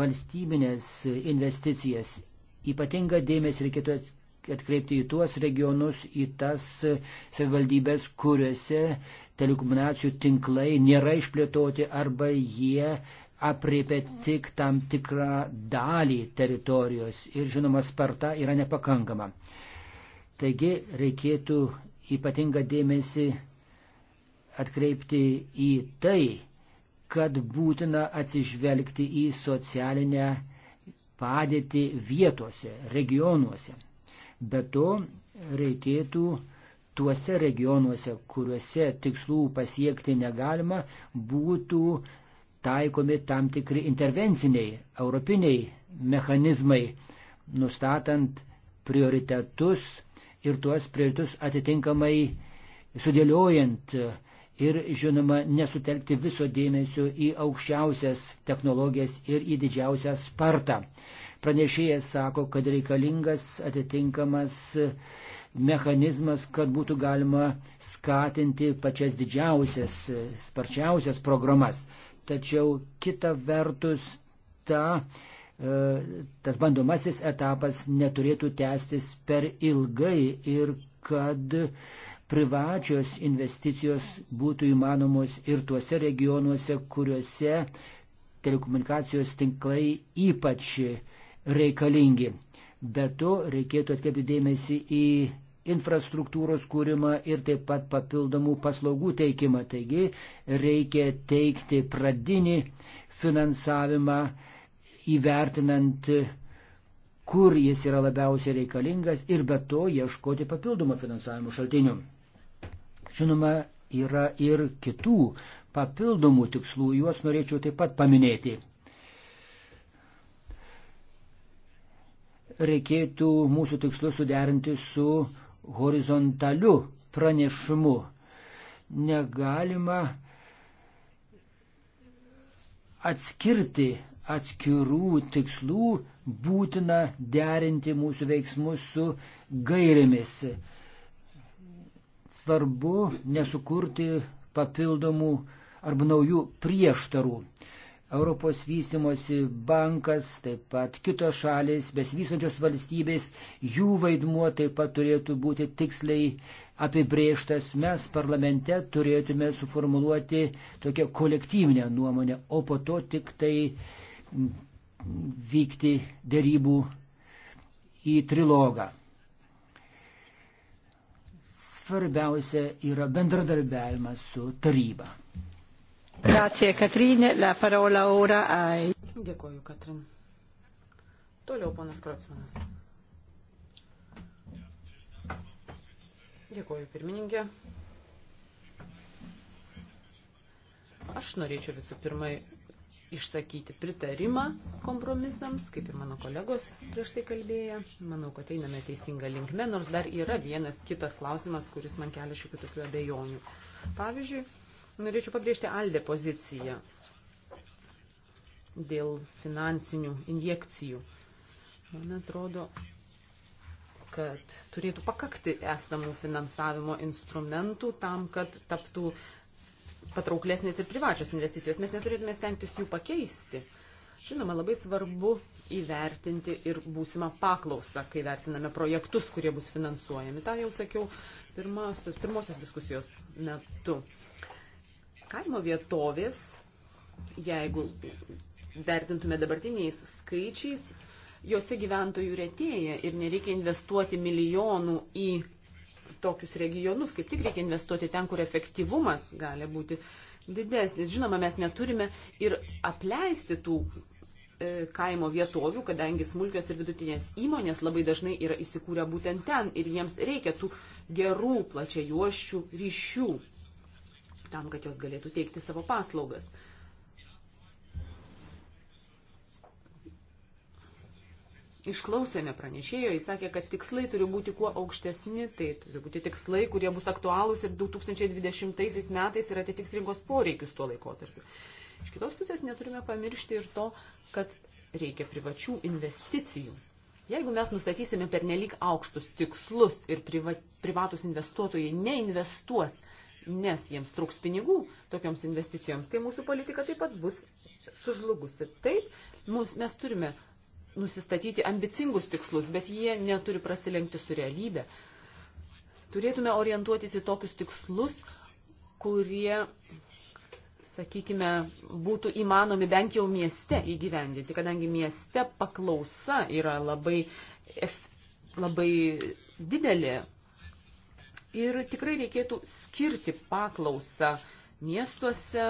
valstybinės investicijas. Ypatinga dėmesį reikėtų atkreipti į tuos regionus, į tas savivaldybės, kuriuose telekomunikacijų tinklai nėra išplėtoti arba jie apriepia tik tam tikrą dalį teritorijos ir žinoma sparta yra nepakankama. Taigi reikėtų ypatingą dėmesį atkreipti į tai, kad būtina atsižvelgti į socialinę padėtį vietose, regionuose. Be to reikėtų tuose regionuose, kuriuose tikslų pasiekti negalima, būtų taikomi tam tikri intervenciniai, europiniai mechanizmai, nustatant prioritetus ir tuos prioritetus atitinkamai sudėliojant ir, žinoma, nesutelkti viso dėmesio į aukščiausias technologijas ir į didžiausią spartą. Pranešėjas sako, kad reikalingas atitinkamas mechanizmas, kad būtų galima skatinti pačias didžiausias, sparčiausias programas tačiau kita vertus ta, e, tas bandomasis etapas neturėtų tęstis per ilgai ir kad privačios investicijos būtų įmanomos ir tuose regionuose, kuriuose telekomunikacijos tinklai ypač reikalingi. Be to reikėtų atkreipti dėmesį į infrastruktūros kūrimą ir taip pat papildomų paslaugų teikimą. Taigi reikia teikti pradinį finansavimą įvertinant, kur jis yra labiausiai reikalingas ir be to ieškoti papildomų finansavimo šaltinių. Žinoma, yra ir kitų papildomų tikslų, juos norėčiau taip pat paminėti. Reikėtų mūsų tikslus suderinti su horizontaliu pranešimu. Negalima atskirti atskirų tikslų, būtina derinti mūsų veiksmus su gairėmis. Svarbu nesukurti papildomų arba naujų prieštarų. Europos vystimosi bankas, taip pat kitos šalis, besivysančios valstybės, jų vaidmuo taip pat turėtų būti tiksliai apibrėžtas. Mes parlamente turėtume suformuluoti tokią kolektyvinę nuomonę, o po to tik tai vykti dėrybų į trilogą. Svarbiausia yra bendradarbiavimas su taryba. Grazie, Katrinė. La parola ora ai. Dėkoju, Katrin. Toliau, ponas Krocmanas. Dėkoju, pirmininkė. Aš norėčiau visų pirma išsakyti pritarimą kompromisams, kaip ir mano kolegos prieš tai kalbėję. Manau, kad einame teisinga linkme, nors dar yra vienas kitas klausimas, kuris man kelia šiokių tokių abejonių. Pavyzdžiui, Norėčiau pabrėžti Alde poziciją dėl finansinių injekcijų. Man atrodo, kad turėtų pakakti esamų finansavimo instrumentų tam, kad taptų patrauklesnės ir privačios investicijos. Mes neturėtume stengtis jų pakeisti. Žinoma, labai svarbu įvertinti ir būsimą paklausą, kai vertiname projektus, kurie bus finansuojami. Ta jau sakiau pirmosios, pirmosios diskusijos metu. Kaimo vietovės, jeigu vertintume dabartiniais skaičiais, juose gyventojų retėja ir nereikia investuoti milijonų į tokius regionus, kaip tik reikia investuoti ten, kur efektyvumas gali būti didesnis. Žinoma, mes neturime ir apleisti tų e, kaimo vietovių, kadangi smulkios ir vidutinės įmonės labai dažnai yra įsikūrę būtent ten ir jiems reikia tų gerų plačiajuošių ryšių tam, kad jos galėtų teikti savo paslaugas. Išklausėme pranešėjo, jis sakė, kad tikslai turi būti kuo aukštesni, tai turi būti tikslai, kurie bus aktualūs ir 2020 metais ir atitiks rinkos poreikius tuo laikotarpiu. Iš kitos pusės neturime pamiršti ir to, kad reikia privačių investicijų. Jeigu mes nustatysime pernelyg aukštus tikslus ir priva, privatus investuotojai neinvestuos, nes jiems trūks pinigų tokioms investicijoms, tai mūsų politika taip pat bus sužlugus. Ir taip, mus, mes turime nusistatyti ambicingus tikslus, bet jie neturi prasilenkti su realybė. Turėtume orientuotis į tokius tikslus, kurie, sakykime, būtų įmanomi bent jau mieste įgyvendinti, kadangi mieste paklausa yra labai, labai didelė Ir tikrai reikėtų skirti paklausą miestuose,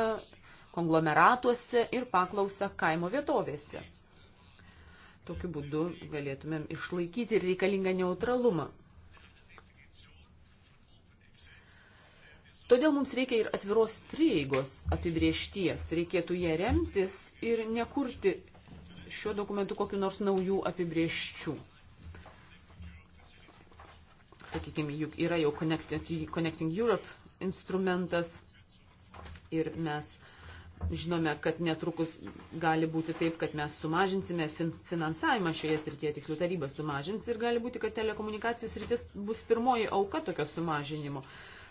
konglomeratuose ir paklausą kaimo vietovėse. Tokiu būdu galėtumėm išlaikyti reikalingą neutralumą. Todėl mums reikia ir atviros prieigos apibriešties, reikėtų ją remtis ir nekurti šiuo dokumentu kokiu nors naujų apibrieščių sakykime, juk yra jau Connecting Europe instrumentas ir mes žinome, kad netrukus gali būti taip, kad mes sumažinsime fin finansavimą šioje srityje, tiksliau taryba sumažins ir gali būti, kad telekomunikacijų sritis bus pirmoji auka tokio sumažinimo.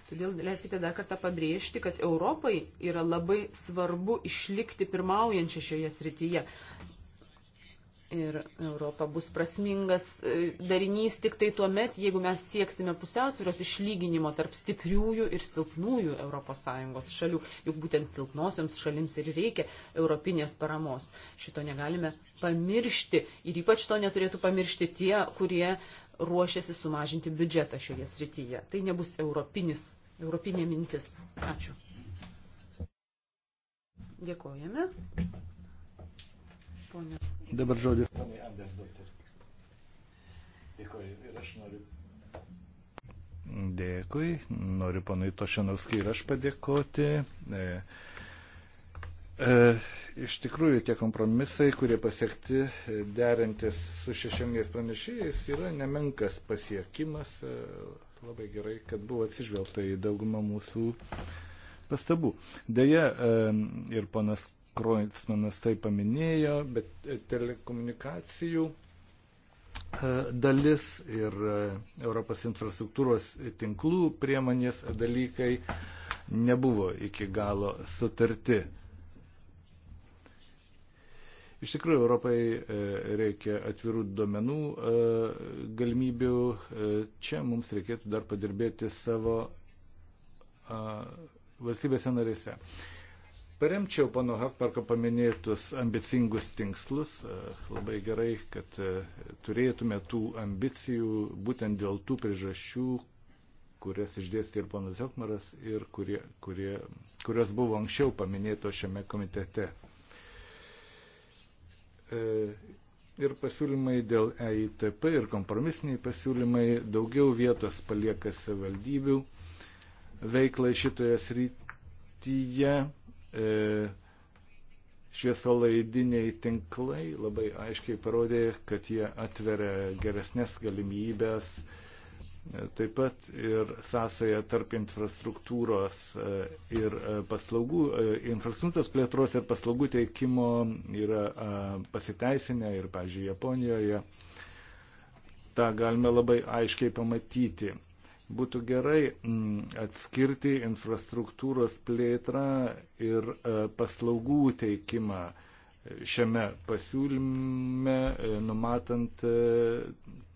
Todėl leiskite dar kartą pabrėžti, kad Europai yra labai svarbu išlikti pirmaujančią šioje srityje. Ir Europa bus prasmingas e, darinys tik tai tuo met, jeigu mes sieksime pusiausvėros išlyginimo tarp stipriųjų ir silpnųjų ES šalių. Juk būtent silpnosioms šalims ir reikia europinės paramos. Šito negalime pamiršti. Ir ypač to neturėtų pamiršti tie, kurie ruošiasi sumažinti biudžetą šioje srityje. Tai nebus europinis, europinė mintis. Ačiū. Dėkojame. Ponia. Dabar žodis. Dėkui ir aš noriu. Dėkui, noriu panui Tošinovskijai ir aš padėkoti. E, e, iš tikrųjų, tie kompromisai, kurie pasiekti e, derintis su šešėliniais pranešėjais, yra nemenkas pasiekimas. E, labai gerai, kad buvo atsižvelgta į daugumą mūsų pastabų. Deja, e, ir panas Kroitsmanas tai paminėjo, bet e, telekomunikacijų e, dalis ir e, Europos infrastruktūros tinklų priemonės dalykai nebuvo iki galo sutarti. Iš tikrųjų, Europai reikia atvirų duomenų galimybių. Čia mums reikėtų dar padirbėti savo valstybėse narėse. Paremčiau pano Hakparko paminėtus ambicingus tinkslus. E, labai gerai, kad e, turėtume tų ambicijų būtent dėl tų priežasčių, kurias išdėstė ir ponas Jokmaras, ir kurie, kurie, kurios buvo anksčiau paminėto šiame komitete. E, ir pasiūlymai dėl EITP ir kompromisiniai pasiūlymai daugiau vietos palieka savivaldybių veiklai šitoje srityje E, šviesolaidiniai tinklai labai aiškiai parodė, kad jie atveria geresnės galimybės, e, taip pat ir sąsaja tarp infrastruktūros e, ir paslaugų, infrastruktūros plėtros ir paslaugų teikimo yra pasiteisinę ir, pažiūrėjau, Japonijoje. Ta galime labai aiškiai pamatyti. Būtų gerai mm, atskirti infrastruktūros plėtrą ir e, paslaugų teikimą šiame pasiūlyme, e, numatant e,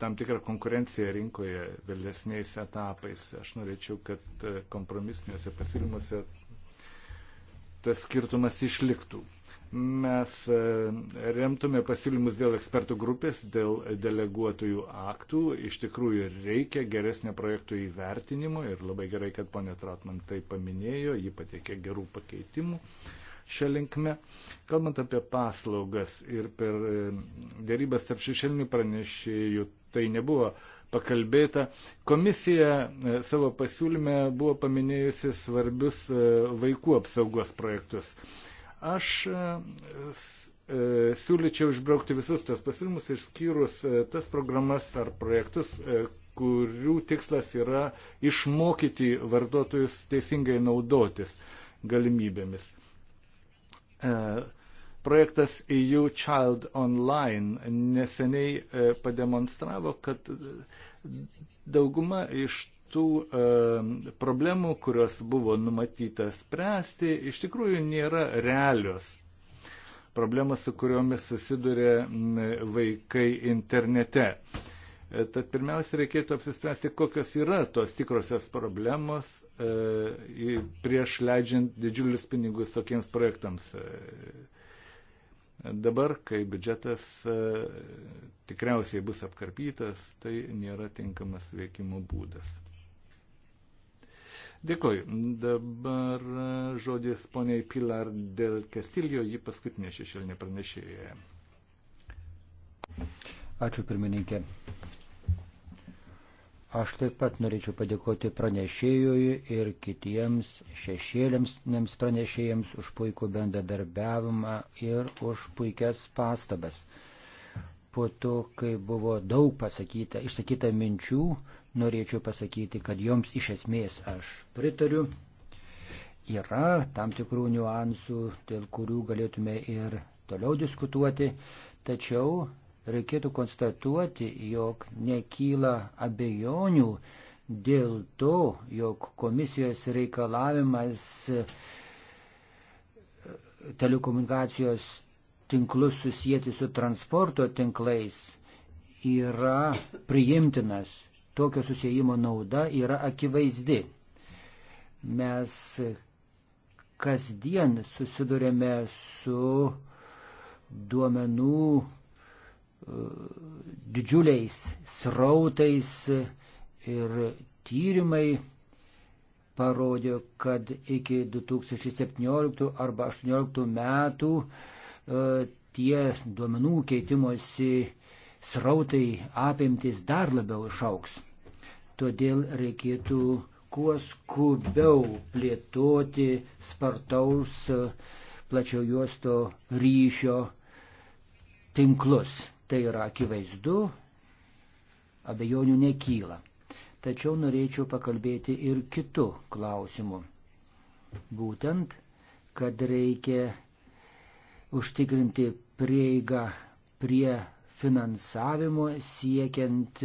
tam tikrą konkurenciją rinkoje vėlesniais etapais. Aš norėčiau, kad kompromisiniuose pasiūlymuose tas skirtumas išliktų mes e, remtume pasiūlymus dėl ekspertų grupės, dėl deleguotojų aktų. Iš tikrųjų reikia geresnio projektų įvertinimo ir labai gerai, kad ponė Tratman tai paminėjo, ji patiekė gerų pakeitimų. Šią linkmę, kalbant apie paslaugas ir per e, dėrybas tarp šešėlinių pranešėjų, tai nebuvo pakalbėta. Komisija e, savo pasiūlyme buvo paminėjusi svarbius vaikų apsaugos projektus. Aš e, e, siūlyčiau išbraukti visus tos pasiūlymus išskyrus e, tas programas ar projektus, kurių tikslas yra išmokyti vartotojus teisingai naudotis galimybėmis. Projektas EU Child Online neseniai pademonstravo, kad dauguma iš tų e, problemų, kurios buvo numatyta spręsti, iš tikrųjų nėra realios. Problemas, su kuriomis susiduria vaikai internete. E, tad pirmiausia, reikėtų apsispręsti, kokios yra tos tikrosios problemos e, prieš leidžiant didžiulius pinigus tokiems projektams. E, dabar, kai biudžetas e, tikriausiai bus apkarpytas, tai nėra tinkamas veikimo būdas. Dėkoju. Dabar žodis poniai Pilar del Castillo, ji paskutinė šešėlinė pranešėja. Ačiū pirmininkė. Aš taip pat norėčiau padėkoti pranešėjui ir kitiems šešėliams pranešėjams už puikų bendradarbiavimą ir už puikias pastabas. Po to, kai buvo daug pasakyta, išsakyta minčių, norėčiau pasakyti, kad joms iš esmės aš pritariu. Yra tam tikrų niuansų, dėl kurių galėtume ir toliau diskutuoti, tačiau reikėtų konstatuoti, jog nekyla abejonių dėl to, jog komisijos reikalavimas e, telekomunikacijos tinklus susijęti su transporto tinklais yra priimtinas tokio susijimo nauda yra akivaizdi. Mes kasdien susidurėme su duomenų e, didžiuliais srautais ir tyrimai parodė, kad iki 2017 arba 2018 metų e, tie duomenų keitimosi srautai apimtis dar labiau išauks. Todėl reikėtų kuo skubiau plėtoti spartaus e, plačiojuosto ryšio tinklus. Tai yra akivaizdu, abejonių nekyla. Tačiau norėčiau pakalbėti ir kitų klausimų. Būtent, kad reikia užtikrinti prieigą prie finansavimo siekiant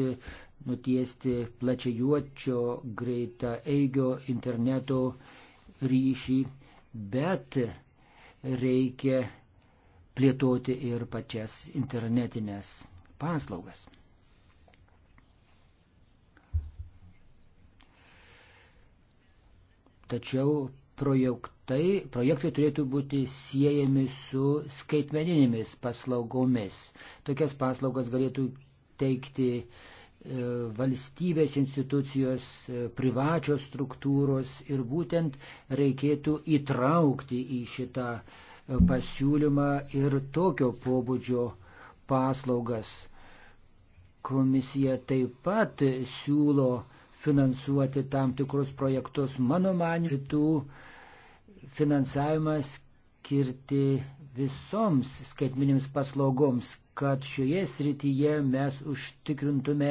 nutiesti plačiajuočio greitą eigio interneto ryšį, bet reikia plėtoti ir pačias internetinės paslaugas. Tačiau projektai, projektai turėtų būti siejami su skaitmeninėmis paslaugomis. Tokias paslaugas galėtų teikti uh, E, valstybės institucijos, e, privačios struktūros ir būtent reikėtų įtraukti į šitą e, pasiūlymą ir tokio pobūdžio paslaugas. Komisija taip pat siūlo finansuoti tam tikrus projektus. Mano manimu, tų finansavimas skirti visoms skaitminėms paslaugoms, kad šioje srityje mes užtikrintume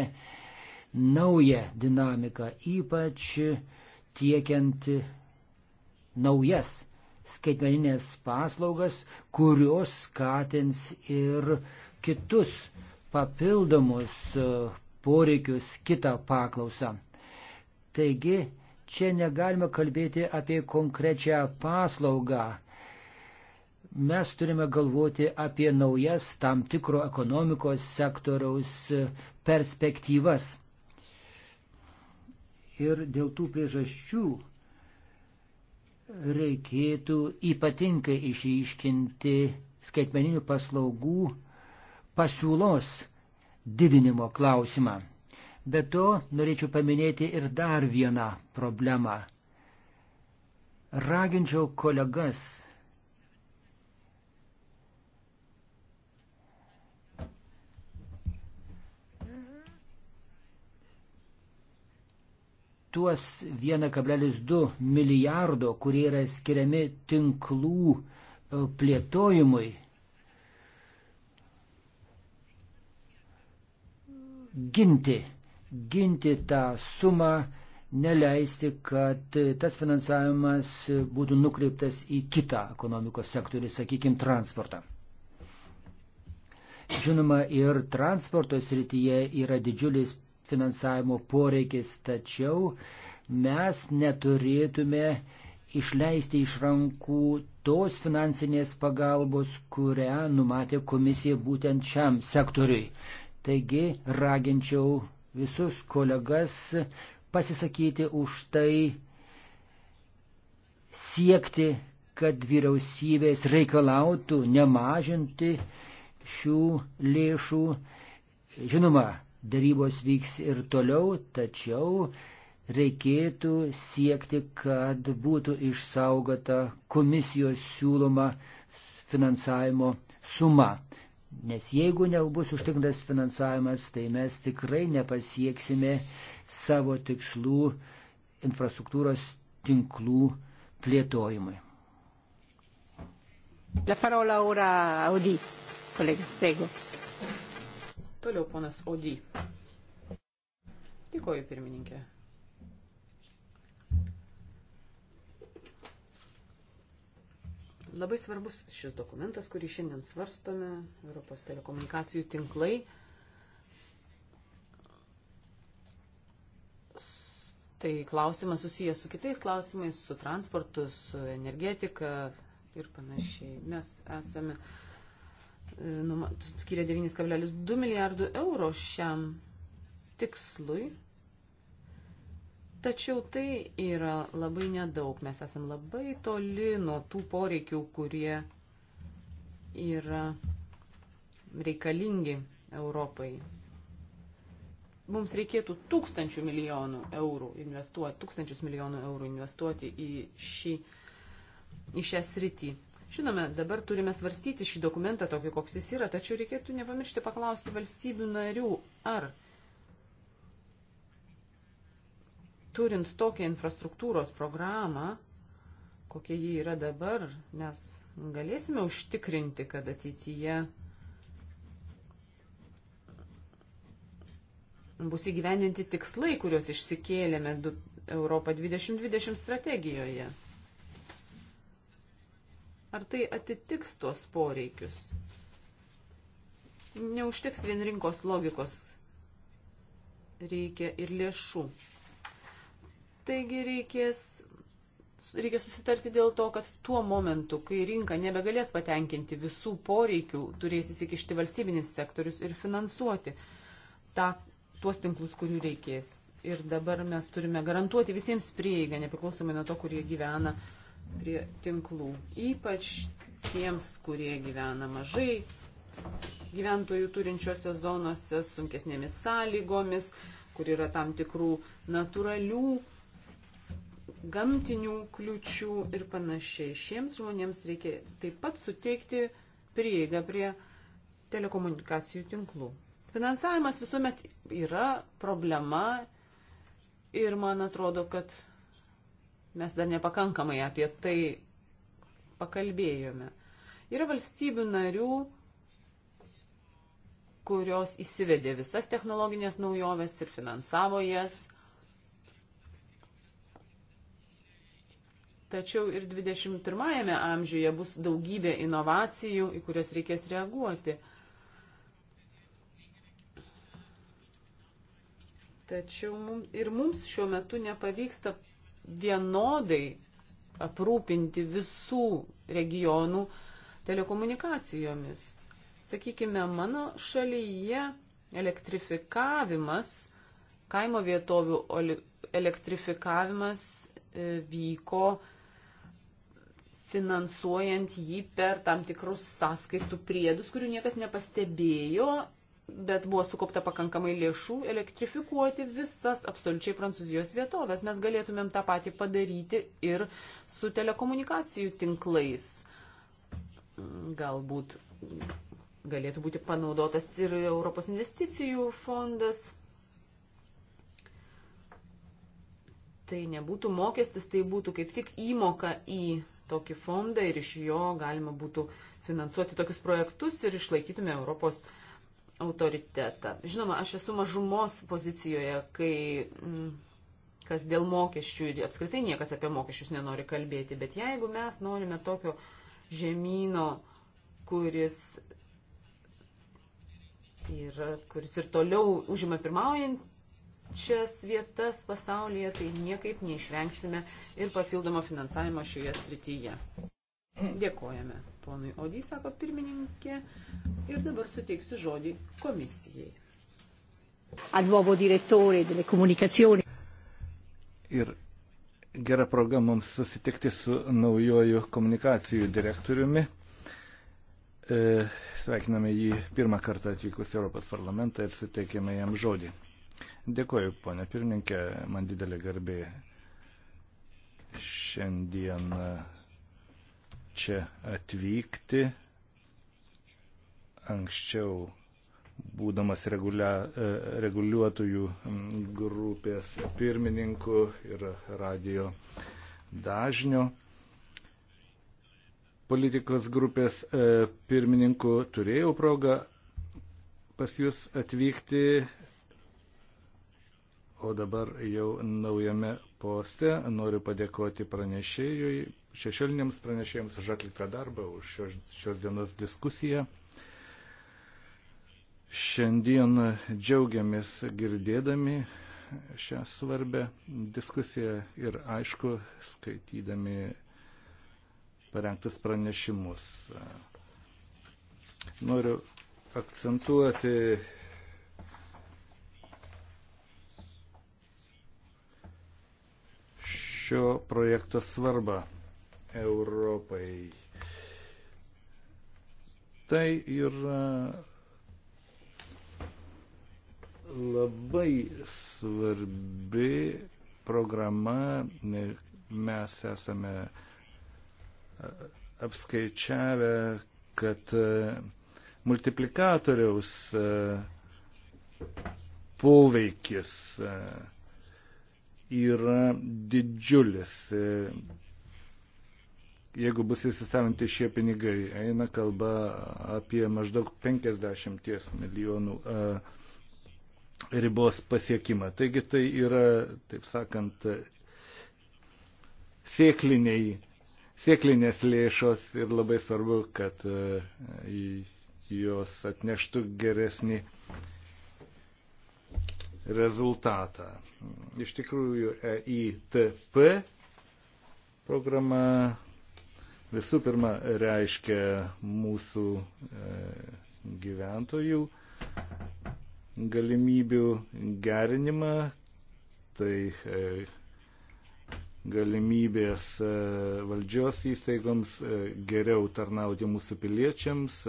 naują dinamiką, ypač tiekiant naujas skaitmeninės paslaugas, kurios skatins ir kitus papildomus poreikius, kitą paklausą. Taigi, čia negalima kalbėti apie konkrečią paslaugą, mes turime galvoti apie naujas tam tikro ekonomikos sektoriaus perspektyvas. Ir dėl tų priežasčių reikėtų ypatingai išryškinti skaitmeninių paslaugų pasiūlos didinimo klausimą. Be to norėčiau paminėti ir dar vieną problemą. Raginčiau kolegas tuos 1,2 milijardo, kurie yra skiriami tinklų e, plėtojimui, ginti, ginti tą sumą, neleisti, kad tas finansavimas būtų nukreiptas į kitą ekonomikos sektorių, sakykime, transportą. Žinoma, ir transporto srityje yra didžiulis finansavimo poreikis, tačiau mes neturėtume išleisti iš rankų tos finansinės pagalbos, kurią numatė komisija būtent šiam sektoriui. Taigi raginčiau visus kolegas pasisakyti už tai, siekti, kad vyriausybės reikalautų nemažinti šių lėšų. Žinoma, darybos vyks ir toliau, tačiau reikėtų siekti, kad būtų išsaugota komisijos siūloma finansavimo suma. Nes jeigu nebus užtikrintas finansavimas, tai mes tikrai nepasieksime savo tikslų infrastruktūros tinklų plėtojimui. La parola ora Audi, kolega, prego. Toliau ponas Odį. Dėkoju, pirmininkė. Labai svarbus šis dokumentas, kurį šiandien svarstome, Europos telekomunikacijų tinklai. Tai klausimas susijęs su kitais klausimais, su transportu, su energetika ir panašiai. Mes esame uh, E, skiria 9,2 milijardų eurų šiam tikslui. Tačiau tai yra labai nedaug. Mes esam labai toli nuo tų poreikių, kurie yra reikalingi Europai. Mums reikėtų tūkstančių milijonų eurų investuoti, tūkstančius milijonų eurų investuoti į, šį, į šią sritį. Žinome, dabar turime svarstyti šį dokumentą tokį, koks jis yra, tačiau reikėtų nepamiršti paklausti valstybių narių, ar turint tokią infrastruktūros programą, kokia ji yra dabar, mes galėsime užtikrinti, kad ateityje bus įgyvendinti tikslai, kuriuos išsikėlėme Europą 2020 strategijoje. Ar tai atitiks tuos poreikius? Neužteks vien rinkos logikos. Reikia ir lėšų. Taigi reikės, reikia susitarti dėl to, kad tuo momentu, kai rinka nebegalės patenkinti visų poreikių, turės įsikišti valstybinis sektorius ir finansuoti tą, tuos tinklus, kurių reikės. Ir dabar mes turime garantuoti visiems prieigą, nepriklausomai nuo to, kur jie gyvena, uh, prie tinklų, ypač tiems, kurie gyvena mažai gyventojų turinčiose zonose, sunkesnėmis sąlygomis, kur yra tam tikrų natūralių, gamtinių kliučių ir panašiai. Šiems žmonėms reikia taip pat suteikti prieigą prie telekomunikacijų tinklų. Finansavimas visuomet yra problema ir man atrodo, kad Mes dar nepakankamai apie tai pakalbėjome. Yra valstybių narių, kurios įsivedė visas technologinės naujoves ir finansavo jas. Tačiau ir 21-ame amžiuje bus daugybė inovacijų, į kurias reikės reaguoti. Tačiau mums, ir mums šiuo metu nepavyksta vienodai aprūpinti visų regionų telekomunikacijomis. Sakykime, mano šalyje elektrifikavimas, kaimo vietovių elektrifikavimas e, vyko finansuojant jį per tam tikrus sąskaitų priedus, kurių niekas nepastebėjo bet buvo sukaupta pakankamai lėšų elektrifikuoti visas absoliučiai Prancūzijos vietovės. Mes galėtumėm tą patį padaryti ir su telekomunikacijų tinklais. Galbūt galėtų būti panaudotas ir Europos investicijų fondas. Tai nebūtų mokestis, tai būtų kaip tik įmoka į tokį fondą ir iš jo galima būtų finansuoti tokius projektus ir išlaikytume Europos uh, autoritetą. Žinoma, aš esu mažumos pozicijoje, kai mm, kas dėl mokesčių ir apskritai niekas apie mokesčius nenori kalbėti, bet jeigu mes norime tokio žemynų, kuris, yra, kuris ir toliau užima pirmaujančias vietas pasaulyje, tai niekaip neišvengsime ir papildomo finansavimo šioje srityje. Dėkojame ponui Odį, sako pirmininkė, ir dabar suteiksiu žodį komisijai. Ir gera proga mums susitikti su naujoju komunikacijų direktoriumi. E, sveikiname jį pirmą kartą atvykus Europos parlamentą ir suteikėme jam žodį. Dėkuoju, ponė pirmininkė, man didelė garbė šiandien čia atvykti. Anksčiau, būdamas regulia, e, reguliuotojų grupės pirmininku ir radio dažnio politikos grupės e, pirmininku, turėjau progą pas jūs atvykti o dabar jau naujame poste noriu padėkoti pranešėjui, šešėliniams pranešėjams už atliktą darbą, už šios, šios dienos diskusiją. Šiandien džiaugiamės girdėdami šią svarbę diskusiją ir aišku, skaitydami parengtus pranešimus. Noriu akcentuoti šio projekto svarbą Europai. Tai yra labai svarbi programa. Mes esame apskaičiavę, kad multiplikatoriaus poveikis yra didžiulis jeigu bus įsisavinti šie pinigai, eina kalba apie maždaug 50 milijonų e, ribos pasiekimą. Taigi tai yra, taip sakant, sėkliniai, sėklinės lėšos ir labai svarbu, kad e, jos atneštų geresnį rezultatą. Iš tikrųjų, EITP programa visų pirma reiškia mūsų e, gyventojų galimybių gerinimą, tai e, galimybės e, valdžios įstaigoms geriau tarnauti mūsų piliečiams,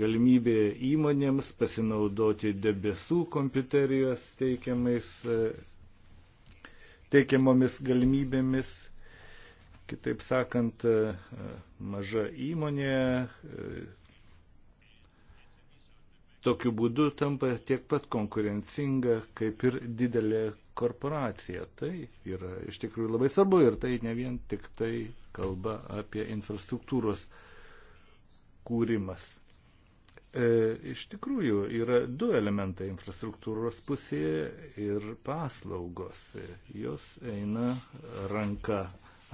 galimybė įmonėms pasinaudoti debesų kompiuterijos teikiamais, teikiamomis galimybėmis Kitaip sakant, e, maža įmonė e, tokiu būdu tampa tiek pat konkurencinga kaip ir didelė korporacija. Tai yra iš tikrųjų labai svarbu ir tai ne vien tik tai kalba apie infrastruktūros kūrimas. E, iš tikrųjų yra du elementai infrastruktūros pusėje ir paslaugos. Jos eina ranka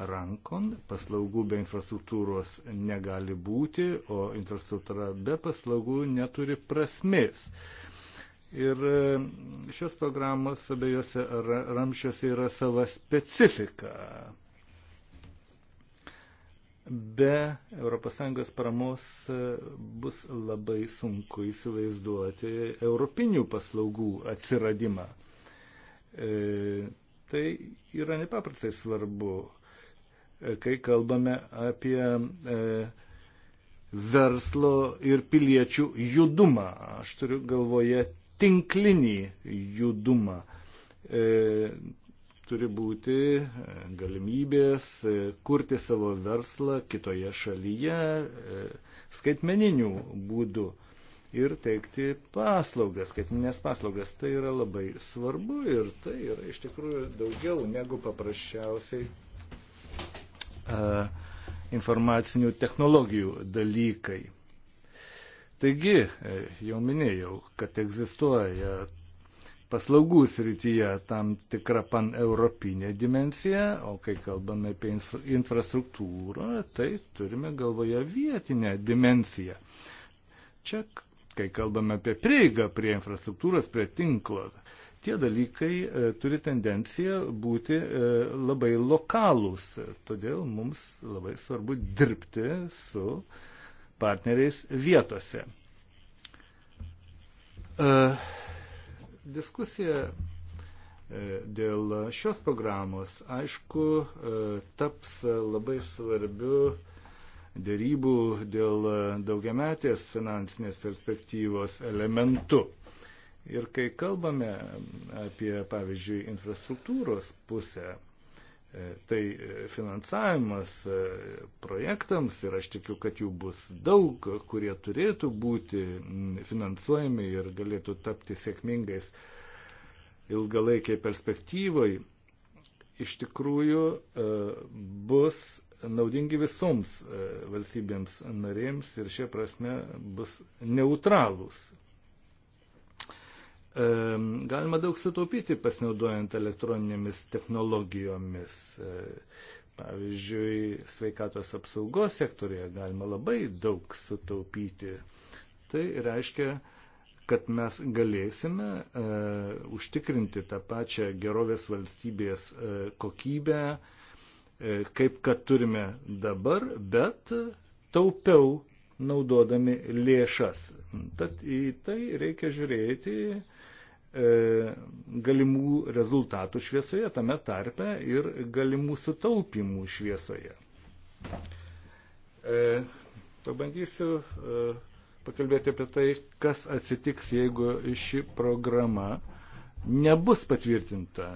rankon, paslaugų be infrastruktūros negali būti, o infrastruktūra be paslaugų neturi prasmės. Ir e, šios programos abiejose ramščiuose yra sava specifika. Be ES paramos e, bus labai sunku įsivaizduoti europinių paslaugų atsiradimą. E, tai yra nepaprastai svarbu kai kalbame apie e, verslo ir piliečių judumą. Aš turiu galvoje tinklinį judumą. E, turi būti e, galimybės kurti savo verslą kitoje šalyje skaitmeninių būdų ir teikti paslaugas, skaitminės paslaugas. Tai yra labai svarbu ir tai yra iš tikrųjų daugiau negu paprasčiausiai E, informacinių technologijų dalykai. Taigi, e, jau minėjau, kad egzistuoja paslaugų srityje tam tikra paneuropinė dimensija, o kai kalbame apie infrastruktūrą, tai turime galvoje vietinę dimensiją. Čia, kai kalbame apie prieigą prie infrastruktūros, prie tinklo, tie dalykai e, turi tendenciją būti e, labai lokalūs. Todėl mums labai svarbu dirbti su partneriais vietose. E, diskusija dėl šios programos, aišku, taps labai svarbiu dėrybų dėl daugiametės finansinės perspektyvos elementu. Ir kai kalbame apie, pavyzdžiui, infrastruktūros pusę, e, tai e, finansavimas e, projektams, ir aš tikiu, kad jų bus daug, kurie turėtų būti finansuojami ir galėtų tapti sėkmingais ilgalaikiai perspektyvai, iš tikrųjų bus naudingi visoms valstybėms narėms ir šia prasme bus neutralūs E, galima daug sutaupyti pasinaudojant elektroninėmis technologijomis. E, pavyzdžiui, sveikatos apsaugos sektorėje galima labai daug sutaupyti. Tai reiškia, kad mes galėsime e, užtikrinti tą pačią gerovės valstybės e, kokybę, e, kaip kad turime dabar, bet taupiau naudodami lėšas. Tad į tai reikia žiūrėti E, galimų rezultatų šviesoje, tame tarpe ir galimų sutaupimų šviesoje. E, pabandysiu e, pakalbėti apie tai, kas atsitiks, jeigu ši programa nebus patvirtinta.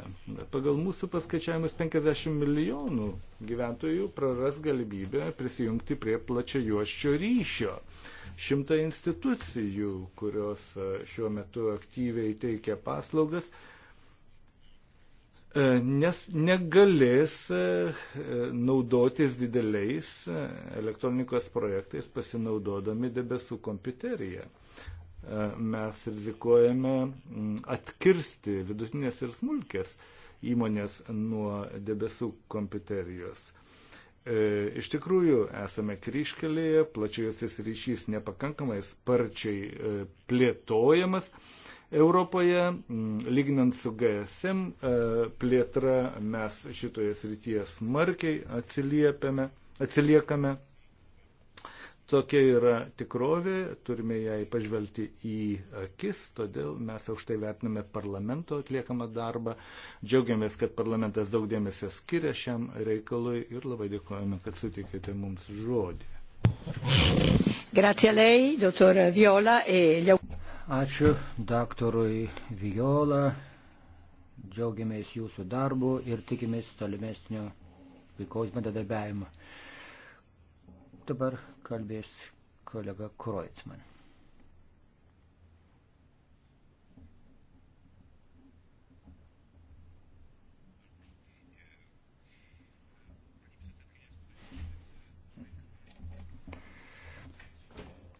Pagal mūsų paskaičiavimus 50 milijonų gyventojų praras galimybę prisijungti prie plačiojuoščio ryšio. E, šimtą institucijų, kurios e, šiuo metu aktyviai teikia paslaugas, e, nes negalės e, naudotis dideliais elektronikos projektais pasinaudodami debesų kompiuterija. Mes rizikuojame atkirsti vidutinės ir smulkės įmonės nuo debesų kompiuterijos. E, iš tikrųjų, esame kryškelėje, plačiajusis ryšys nepakankamai sparčiai e, plėtojamas Europoje. Mm, lyginant su GSM e, plėtra, mes šitoje srityje smarkiai atsiliekame. Tokia yra tikrovė, turime jai pažvelgti į akis, todėl mes aukštai vertiname parlamento atliekamą darbą. Džiaugiamės, kad parlamentas daug dėmesio skiria šiam reikalui ir labai dėkojame, kad sutikėte mums žodį. Grazie a lei, dottor Viola. E gli... Ačiū daktarui Viola. Džiaugiamės jūsų darbu ir tikimės tolimesnio veikos bendradarbiavimo. Dabar kalbės kolega Kroitsman.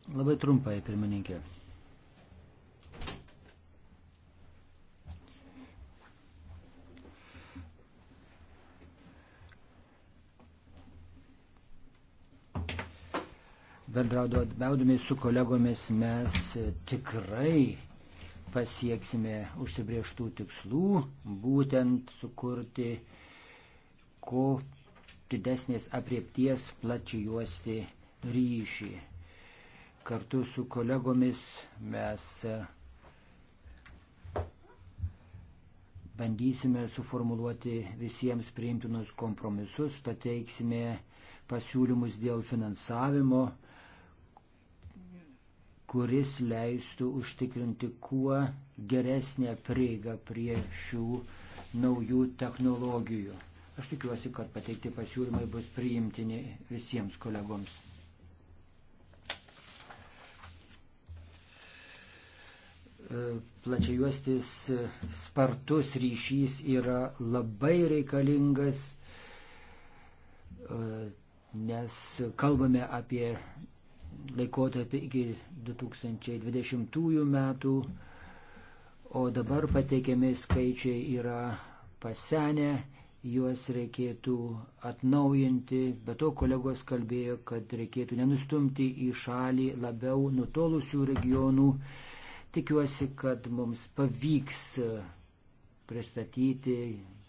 Labai trumpai, pirmininkė. bendraudami su kolegomis mes tikrai pasieksime užsibrieštų tikslų, būtent sukurti ko didesnės apriepties plačių juosti ryšį. Kartu su kolegomis mes bandysime suformuluoti visiems priimtinus kompromisus, pateiksime pasiūlymus dėl finansavimo, kuris leistų užtikrinti kuo geresnę prieigą prie šių naujų technologijų. Aš tikiuosi, kad pateikti pasiūlymai bus priimtini visiems kolegoms. E, plačiajuostis e, spartus ryšys yra labai reikalingas, e, nes kalbame apie laikotarpį iki 2020 metų, o dabar pateikiami skaičiai yra pasenę, juos reikėtų atnaujinti, bet to kolegos kalbėjo, kad reikėtų nenustumti į šalį labiau nutolusių regionų. Tikiuosi, kad mums pavyks pristatyti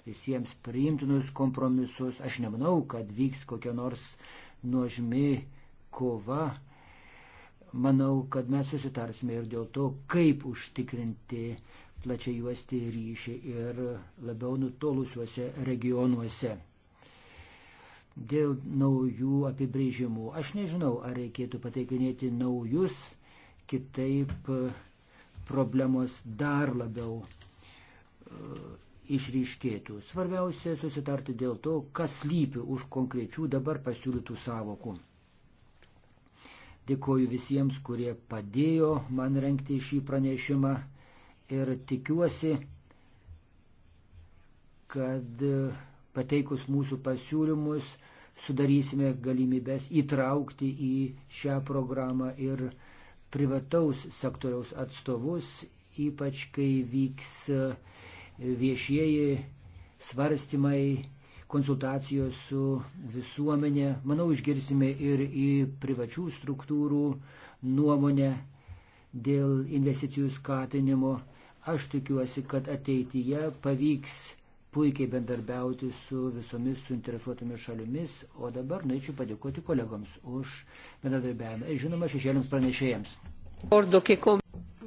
visiems priimtinus kompromisus. Aš nemanau, kad vyks kokia nors nuožmi kova manau, kad mes susitarsime ir dėl to, kaip užtikrinti plačiai juosti ryšį ir labiau nutolusiuose regionuose. Dėl naujų apibrėžimų. Aš nežinau, ar reikėtų pateikinėti naujus, kitaip problemos dar labiau e, išryškėtų. Svarbiausia susitarti dėl to, kas lypi už konkrečių dabar pasiūlytų savokų. Dėkoju visiems, kurie padėjo man renkti šį pranešimą ir tikiuosi, kad pateikus mūsų pasiūlymus sudarysime galimybės įtraukti į šią programą ir privataus sektoriaus atstovus, ypač kai vyks viešieji svarstymai konsultacijos su visuomenė. Manau, išgirsime ir į privačių struktūrų nuomonę dėl investicijų skatinimo. Aš tikiuosi, kad ateityje pavyks puikiai bendarbiauti su visomis suinteresuotomis šalimis, o dabar norėčiau padėkoti kolegoms už bendradarbiavimą ir žinoma šešėliams pranešėjams.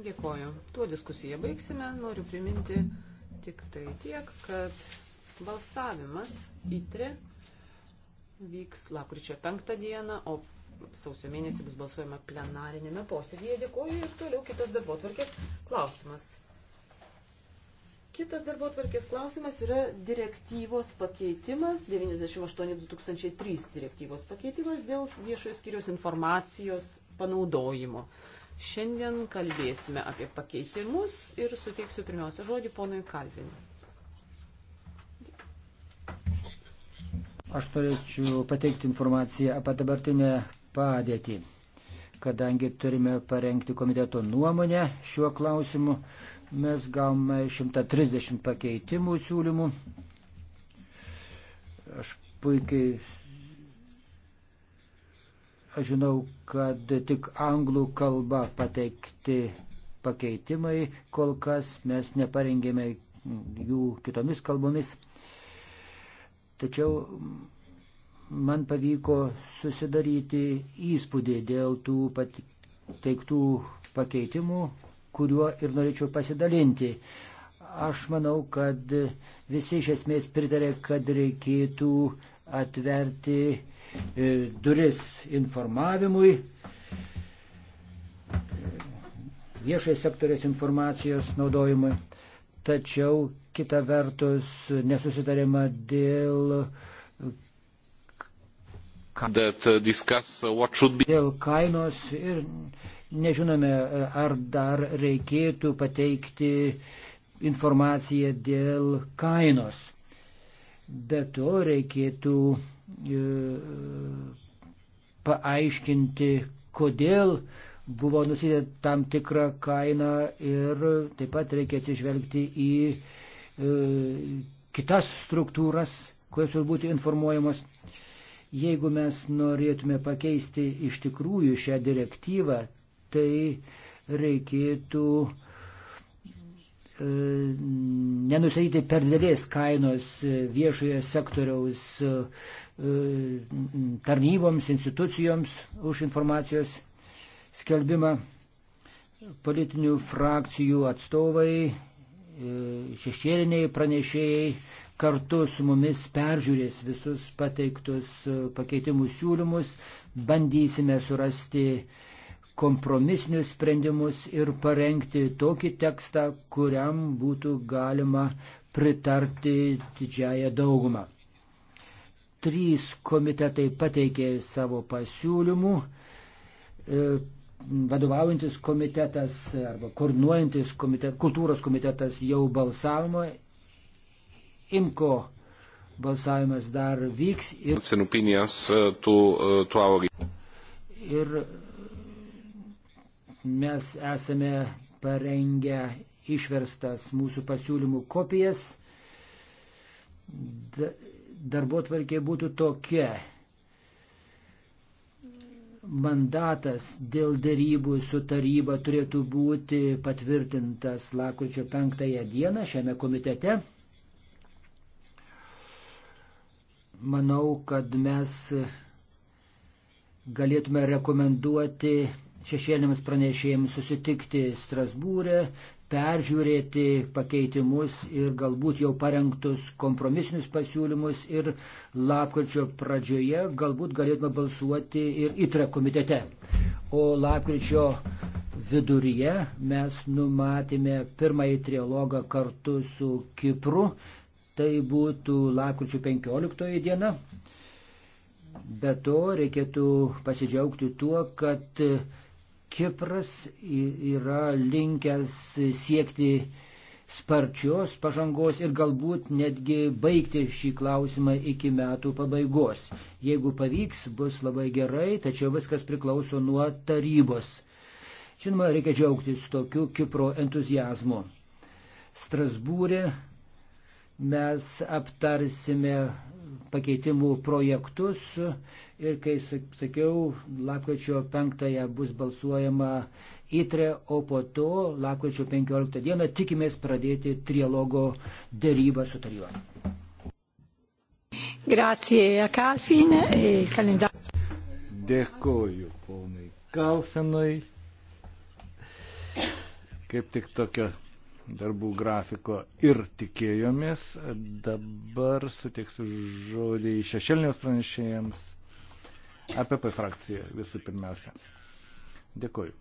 Dėkoju. Tuo diskusiją baigsime. Noriu priminti tik tai tiek, kad Balsavimas įtri vyks lapkričio 5 dieną, o sausio mėnesį bus balsuojama plenarinėme posėdėje. Dėkuoju ir toliau kitas darbo tvarkės klausimas. Kitas darbo tvarkės klausimas yra direktyvos pakeitimas, 98-2003 direktyvos pakeitimas dėl viešojo skiriaus informacijos panaudojimo. Šiandien kalbėsime apie pakeitimus ir suteiksiu pirmiausia žodį ponui Kalvinui. Aš turėčiau pateikti informaciją apie dabartinę padėtį, kadangi turime parengti komiteto nuomonę šiuo klausimu. Mes gavome 130 pakeitimų siūlymų. Aš puikiai aš žinau, kad tik anglų kalba pateikti pakeitimai, kol kas mes neparengėme jų kitomis kalbomis. Tačiau man pavyko susidaryti įspūdį dėl tų pateiktų pakeitimų, kuriuo ir norėčiau pasidalinti. Aš manau, kad visi iš esmės pritarė, kad reikėtų atverti e, duris informavimui, e, viešai sektorės informacijos naudojimui. Tačiau kita vertus nesusitarima dėl, uh, uh, dėl kainos ir nežinome, uh, ar dar reikėtų pateikti informaciją dėl kainos. Be to reikėtų e, paaiškinti, kodėl buvo nusitę tam tikrą kainą ir taip pat reikia atsižvelgti į E, kitas struktūras, kurios turi būti informuojamos. Jeigu mes norėtume pakeisti iš tikrųjų šią direktyvą, tai reikėtų e, nenusakyti per dėlės kainos viešojo sektoriaus e, tarnyboms, institucijoms už informacijos skelbimą. Politinių frakcijų atstovai E, šešėliniai pranešėjai kartu su mumis peržiūrės visus pateiktus e, pakeitimų siūlymus, bandysime surasti kompromisinius sprendimus ir parengti tokį tekstą, kuriam būtų galima pritarti didžiąją daugumą. Trys komitetai pateikė savo pasiūlymų e, vadovaujantis komitetas arba koordinuojantis komitet, kultūros komitetas jau balsavimo, imko balsavimas dar vyks ir. Senupinės tų, tų augai. Ir mes esame parengę išverstas mūsų pasiūlymų kopijas. Darbo tvarkė būtų tokia mandatas dėl dėrybų su taryba turėtų būti patvirtintas lakrūčio penktąją dieną šiame komitete. Manau, kad mes galėtume rekomenduoti šešėlėms pranešėjams susitikti Strasbūrė, peržiūrėti pakeitimus ir galbūt jau parengtus kompromisinius pasiūlymus ir lapkričio pradžioje galbūt galėtume balsuoti ir įtra komitete. O lapkričio viduryje mes numatėme pirmąjį trialogą kartu su Kipru. Tai būtų lapkričio 15 diena. Be to reikėtų pasidžiaugti tuo, kad Kipras yra linkęs siekti sparčios pažangos ir galbūt netgi baigti šį klausimą iki metų pabaigos. Jeigu pavyks, bus labai gerai, tačiau viskas priklauso nuo tarybos. Žinoma, reikia džiaugtis tokiu Kipro entuzijazmu. Strasbūrė mes aptarsime pakeitimų projektus ir, kai sakiau, lapkričio 5 bus balsuojama įtre, o po to lapkričio 15 dieną tikimės pradėti trilogo dėrybą su taryba. Grazie, Kalfin. E Dėkoju, ponai Kalfinui. Kaip tik tokia darbų grafiko ir tikėjomės. Dabar suteiksiu žodį šešėliniams pranešėjams. APP frakcija visų pirmiausia. Dėkoju.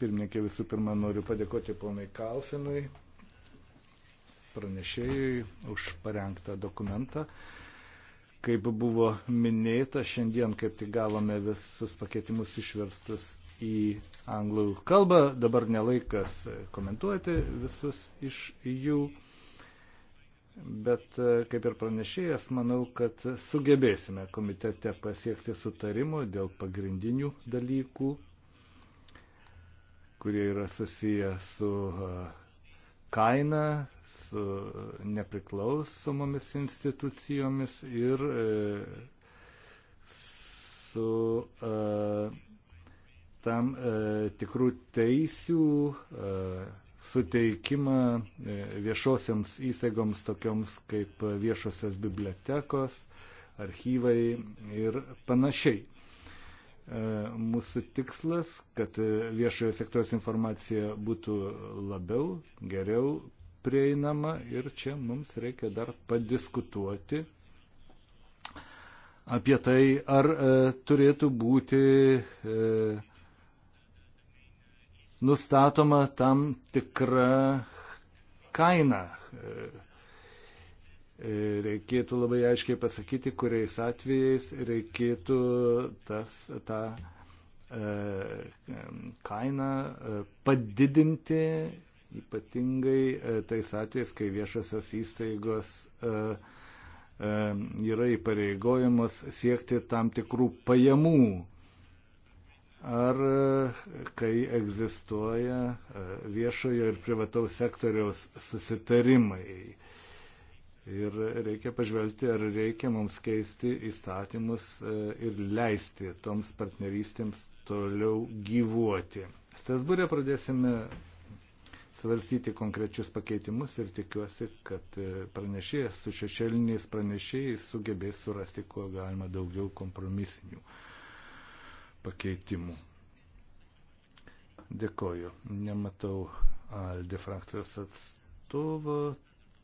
Pirmininkė visų pirma noriu padėkoti ponai Kalfinui, pranešėjui, už parengtą dokumentą. Kaip buvo minėta, šiandien kaip tik gavome visus pakeitimus išverstus į anglų kalbą. Dabar nelaikas komentuoti visus iš jų. Bet e, kaip ir pranešėjas, manau, kad sugebėsime komitete pasiekti sutarimo dėl pagrindinių dalykų, kurie yra susiję su e, kaina, su nepriklausomomis institucijomis ir e, su uh, tam e, tikrų teisių e, suteikimą e, viešosiams įstaigoms tokioms kaip viešosios bibliotekos, archyvai ir panašiai. Mūsų tikslas, kad viešojo sektoriaus informacija būtų labiau, geriau prieinama ir čia mums reikia dar padiskutuoti apie tai, ar e, turėtų būti e, nustatoma tam tikra kaina. E, reikėtų labai aiškiai pasakyti, kuriais atvejais reikėtų tas, tą e, kainą e, padidinti, ypatingai tais atvejais, kai viešosios įstaigos yra įpareigojamos siekti tam tikrų pajamų ar e, kai egzistuoja e, viešojo ir privataus sektoriaus susitarimai. Ir reikia pažvelgti, ar reikia mums keisti įstatymus e, ir leisti toms partnerystėms toliau gyvuoti. Strasbūrė pradėsime svarstyti konkrečius pakeitimus ir tikiuosi, kad pranešėjas su šešėliniais pranešėjais sugebės surasti kuo galima daugiau kompromisinių pakeitimų. Dėkoju. Nematau Alde frakcijos atstovo,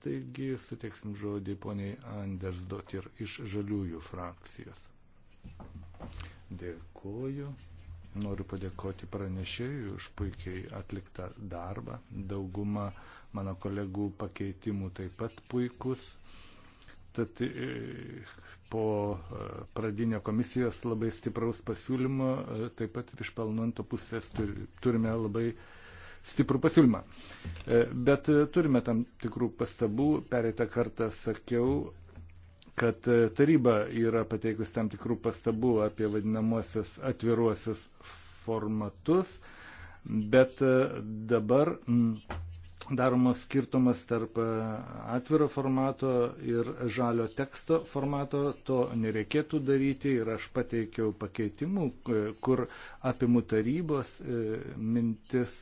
taigi suteiksim žodį poniai Andersdot ir iš žaliųjų frakcijos. Dėkoju. Noriu padėkoti pranešėjui už puikiai atliktą darbą. Dauguma mano kolegų pakeitimų taip pat puikus. Tad e, po e, pradinio komisijos labai stipraus pasiūlymo, e, taip pat iš pelnuanto pusės turime labai stiprų pasiūlymą. Bet turime tam tikrų pastabų. Pereitą kartą sakiau, kad taryba yra pateikusi tam tikrų pastabų apie vadinamosios atviruosius formatus, bet dabar. Mm, daromas skirtumas tarp e, atviro formato ir žalio teksto formato. To nereikėtų daryti ir aš pateikiau pakeitimų, e, kur apimu tarybos e, mintis,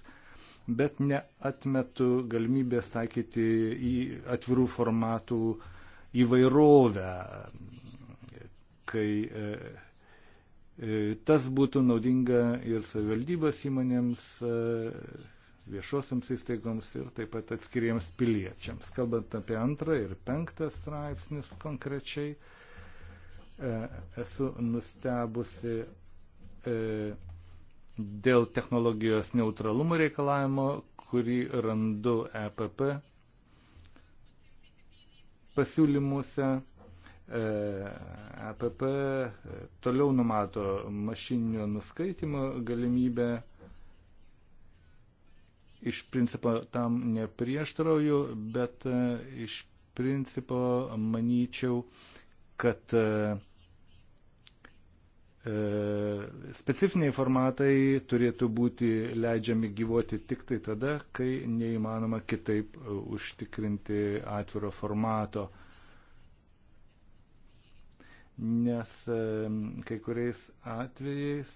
bet neatmetu galimybės taikyti į atvirų formatų įvairovę, kai tas būtų naudinga ir savivaldybės įmonėms viešosiams įstaigoms ir taip pat atskiriems piliečiams. Kalbant apie antrą ir penktą straipsnius konkrečiai, e, esu nustebusi e, dėl technologijos neutralumo reikalavimo, kurį randu EPP pasiūlymuose. EPP e toliau numato mašininio nuskaitimo galimybę iš principo tam neprieštarauju, bet e, iš principo manyčiau, kad e, e, specifiniai formatai turėtų būti leidžiami gyvuoti tik tai tada, kai neįmanoma kitaip užtikrinti atviro formato. Nes kai kuriais atvejais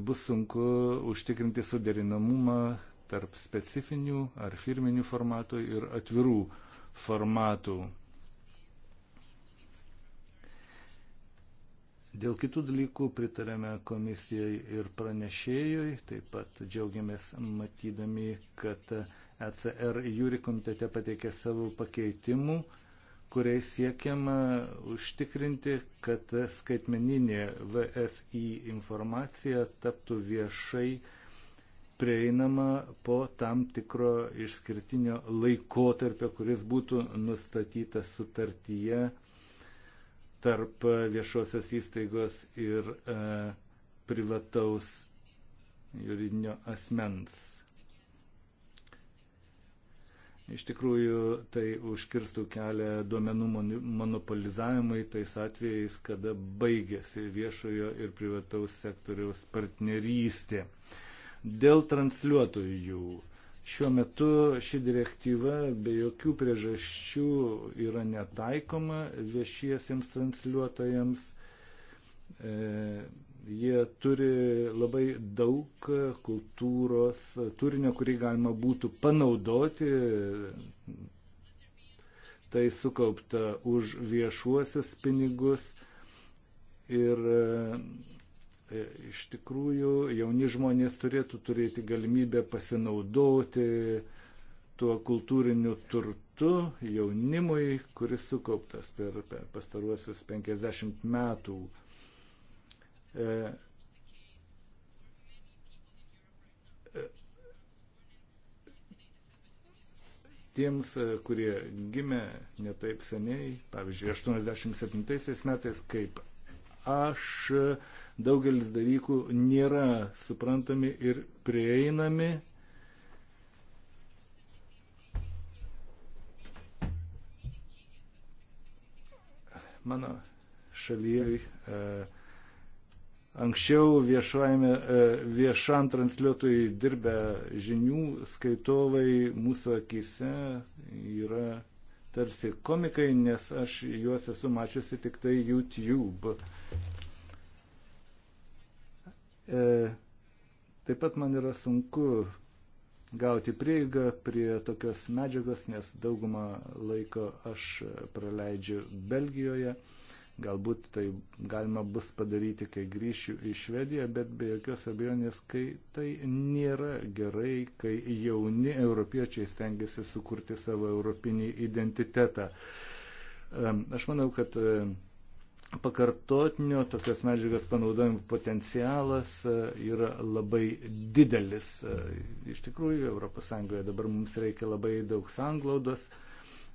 bus sunku užtikrinti suderinamumą tarp specifinių ar firminių formatų ir atvirų formatų. Dėl kitų dalykų pritarėme komisijai ir pranešėjui, taip pat džiaugiamės matydami, kad ECR jūri komitete pateikė savo pakeitimų, kuriais siekiama užtikrinti, kad skaitmeninė VSI informacija taptų viešai prieinama po tam tikro išskirtinio laikotarpio, kuris būtų nustatytas sutartyje tarp viešosios įstaigos ir e, privataus juridinio asmens. Iš tikrųjų, tai užkirstų kelią duomenų monopolizavimui tais atvejais, kada baigėsi viešojo ir privataus sektoriaus partnerystė. E, Dėl transliuotojų. Šiuo metu ši direktyva be jokių priežasčių yra netaikoma viešiesiems transliuotojams. E, jie turi labai daug kultūros turinio, kurį galima būtų panaudoti. Tai sukaupta už viešuosius pinigus ir E, iš tikrųjų, jauni žmonės turėtų turėti galimybę pasinaudoti tuo kultūriniu turtu jaunimui, kuris sukauptas per pastaruosius 50 metų. E, tiems, e, kurie gimė netaip seniai, pavyzdžiui, 87 metais, kaip aš, daugelis dalykų nėra suprantami ir prieinami. Mano šalyje e, anksčiau viešajame, e, viešam transliuotojui dirbę žinių skaitovai mūsų akise yra tarsi komikai, nes aš juos esu mačiusi tik tai YouTube E, taip pat man yra sunku gauti prieigą prie tokios medžiagos, nes daugumą laiko aš praleidžiu Belgijoje. Galbūt tai galima bus padaryti, kai grįšiu į Švediją, bet be jokios abejonės, kai tai nėra gerai, kai jauni europiečiai stengiasi sukurti savo europinį identitetą. Aš manau, kad pakartotinio tokios medžiagos panaudojimo potencialas e, yra labai didelis. E, iš tikrųjų, ES dabar mums reikia labai daug sanglaudos,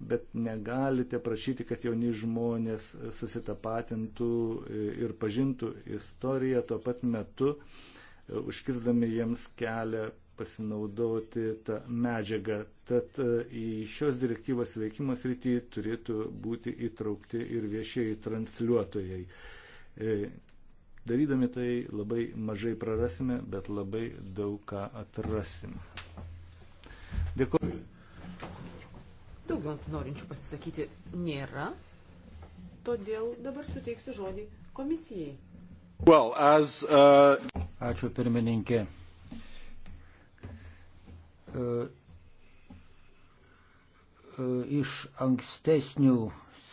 bet negalite prašyti, kad jauni žmonės susitapatintų e, ir pažintų istoriją tuo pat metu, užkirzdami jiems kelią pasinaudoti tą medžiagą. Tad e, į šios direktyvos veikimas rytį turėtų būti įtraukti ir viešieji transliuotojai. E, darydami tai labai mažai prarasime, bet labai daug ką atrasime. Dėkuoju. Daugiau norinčių pasisakyti nėra, todėl dabar suteiksiu žodį komisijai. Well, as, uh... Ačiū pirmininkė. E, e, iš ankstesnių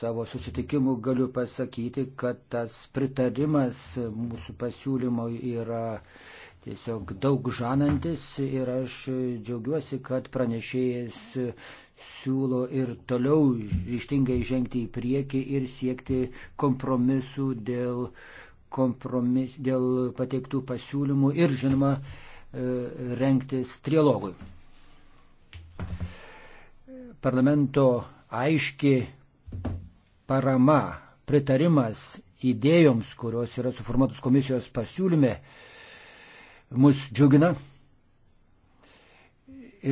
savo susitikimų galiu pasakyti, kad tas pritarimas mūsų pasiūlymo yra tiesiog daug žanantis ir aš džiaugiuosi, kad pranešėjas siūlo ir toliau ryštingai žengti į priekį ir siekti kompromisų dėl, kompromis, dėl pateiktų pasiūlymų ir, žinoma, e, rengtis trilogui. Parlamento aiški parama, pritarimas idėjoms, kurios yra suformuotos komisijos pasiūlyme, mus džiugina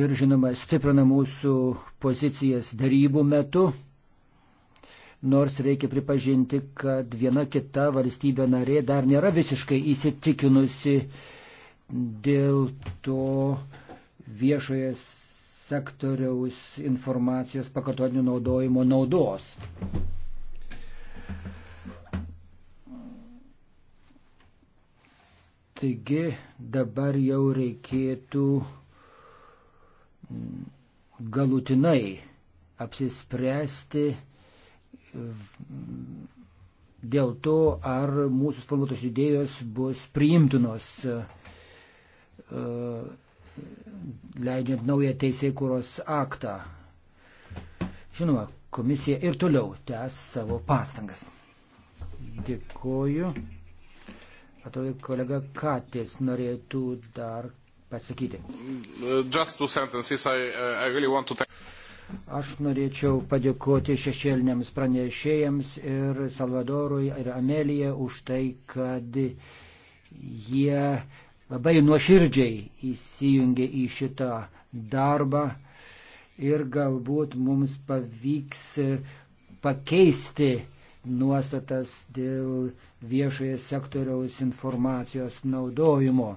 ir, žinoma, stiprina mūsų pozicijas darybų metu. Nors reikia pripažinti, kad viena kita valstybė narė dar nėra visiškai įsitikinusi dėl to viešojas sektoriaus informacijos pakartotinio naudojimo naudos. Taigi dabar jau reikėtų galutinai apsispręsti dėl to, ar mūsų formuotos idėjos bus priimtinos leidžiant naują teisėkūros aktą. Žinoma, komisija ir toliau tęs savo pastangas. Dėkuoju. Atrodo, kolega Katis norėtų dar pasakyti. I, uh, I really to... Aš norėčiau padėkoti šešėliniams pranešėjams ir Salvadorui ir Amelija už tai, kad jie labai nuoširdžiai įsijungė į šitą darbą ir galbūt mums pavyks pakeisti nuostatas dėl viešoje sektoriaus informacijos naudojimo.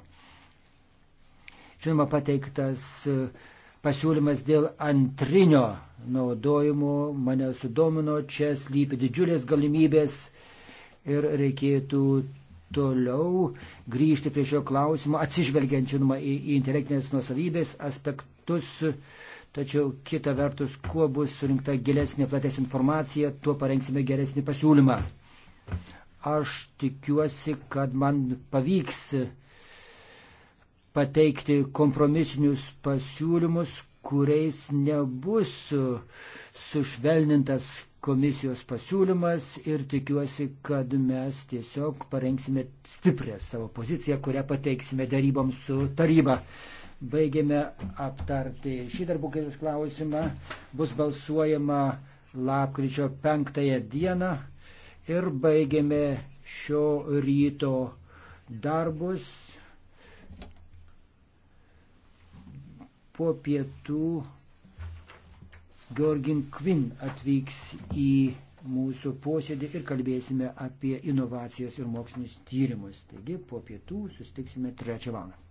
Žinoma, pateiktas pasiūlymas dėl antrinio naudojimo mane sudomino, čia slypi didžiulės galimybės ir reikėtų toliau grįžti prie šio klausimo, atsižvelgiant žinoma į, į intelektinės nuosavybės aspektus, tačiau kita vertus, kuo bus surinkta gilesnė, platesnė informacija, tuo parengsime geresnį pasiūlymą. Aš tikiuosi, kad man pavyks pateikti kompromisinius pasiūlymus, kuriais nebus sušvelnintas komisijos pasiūlymas ir tikiuosi, kad mes tiesiog parengsime stiprią savo poziciją, kurią pateiksime daryboms su taryba. Baigėme aptarti šį darbų kaitas klausimą. Bus balsuojama lapkričio penktąją dieną ir baigėme šio ryto darbus po pietų Georgin Quinn atvyks į mūsų posėdį ir kalbėsime apie inovacijas ir mokslinius tyrimus. Taigi po pietų sustiksime trečią valandą.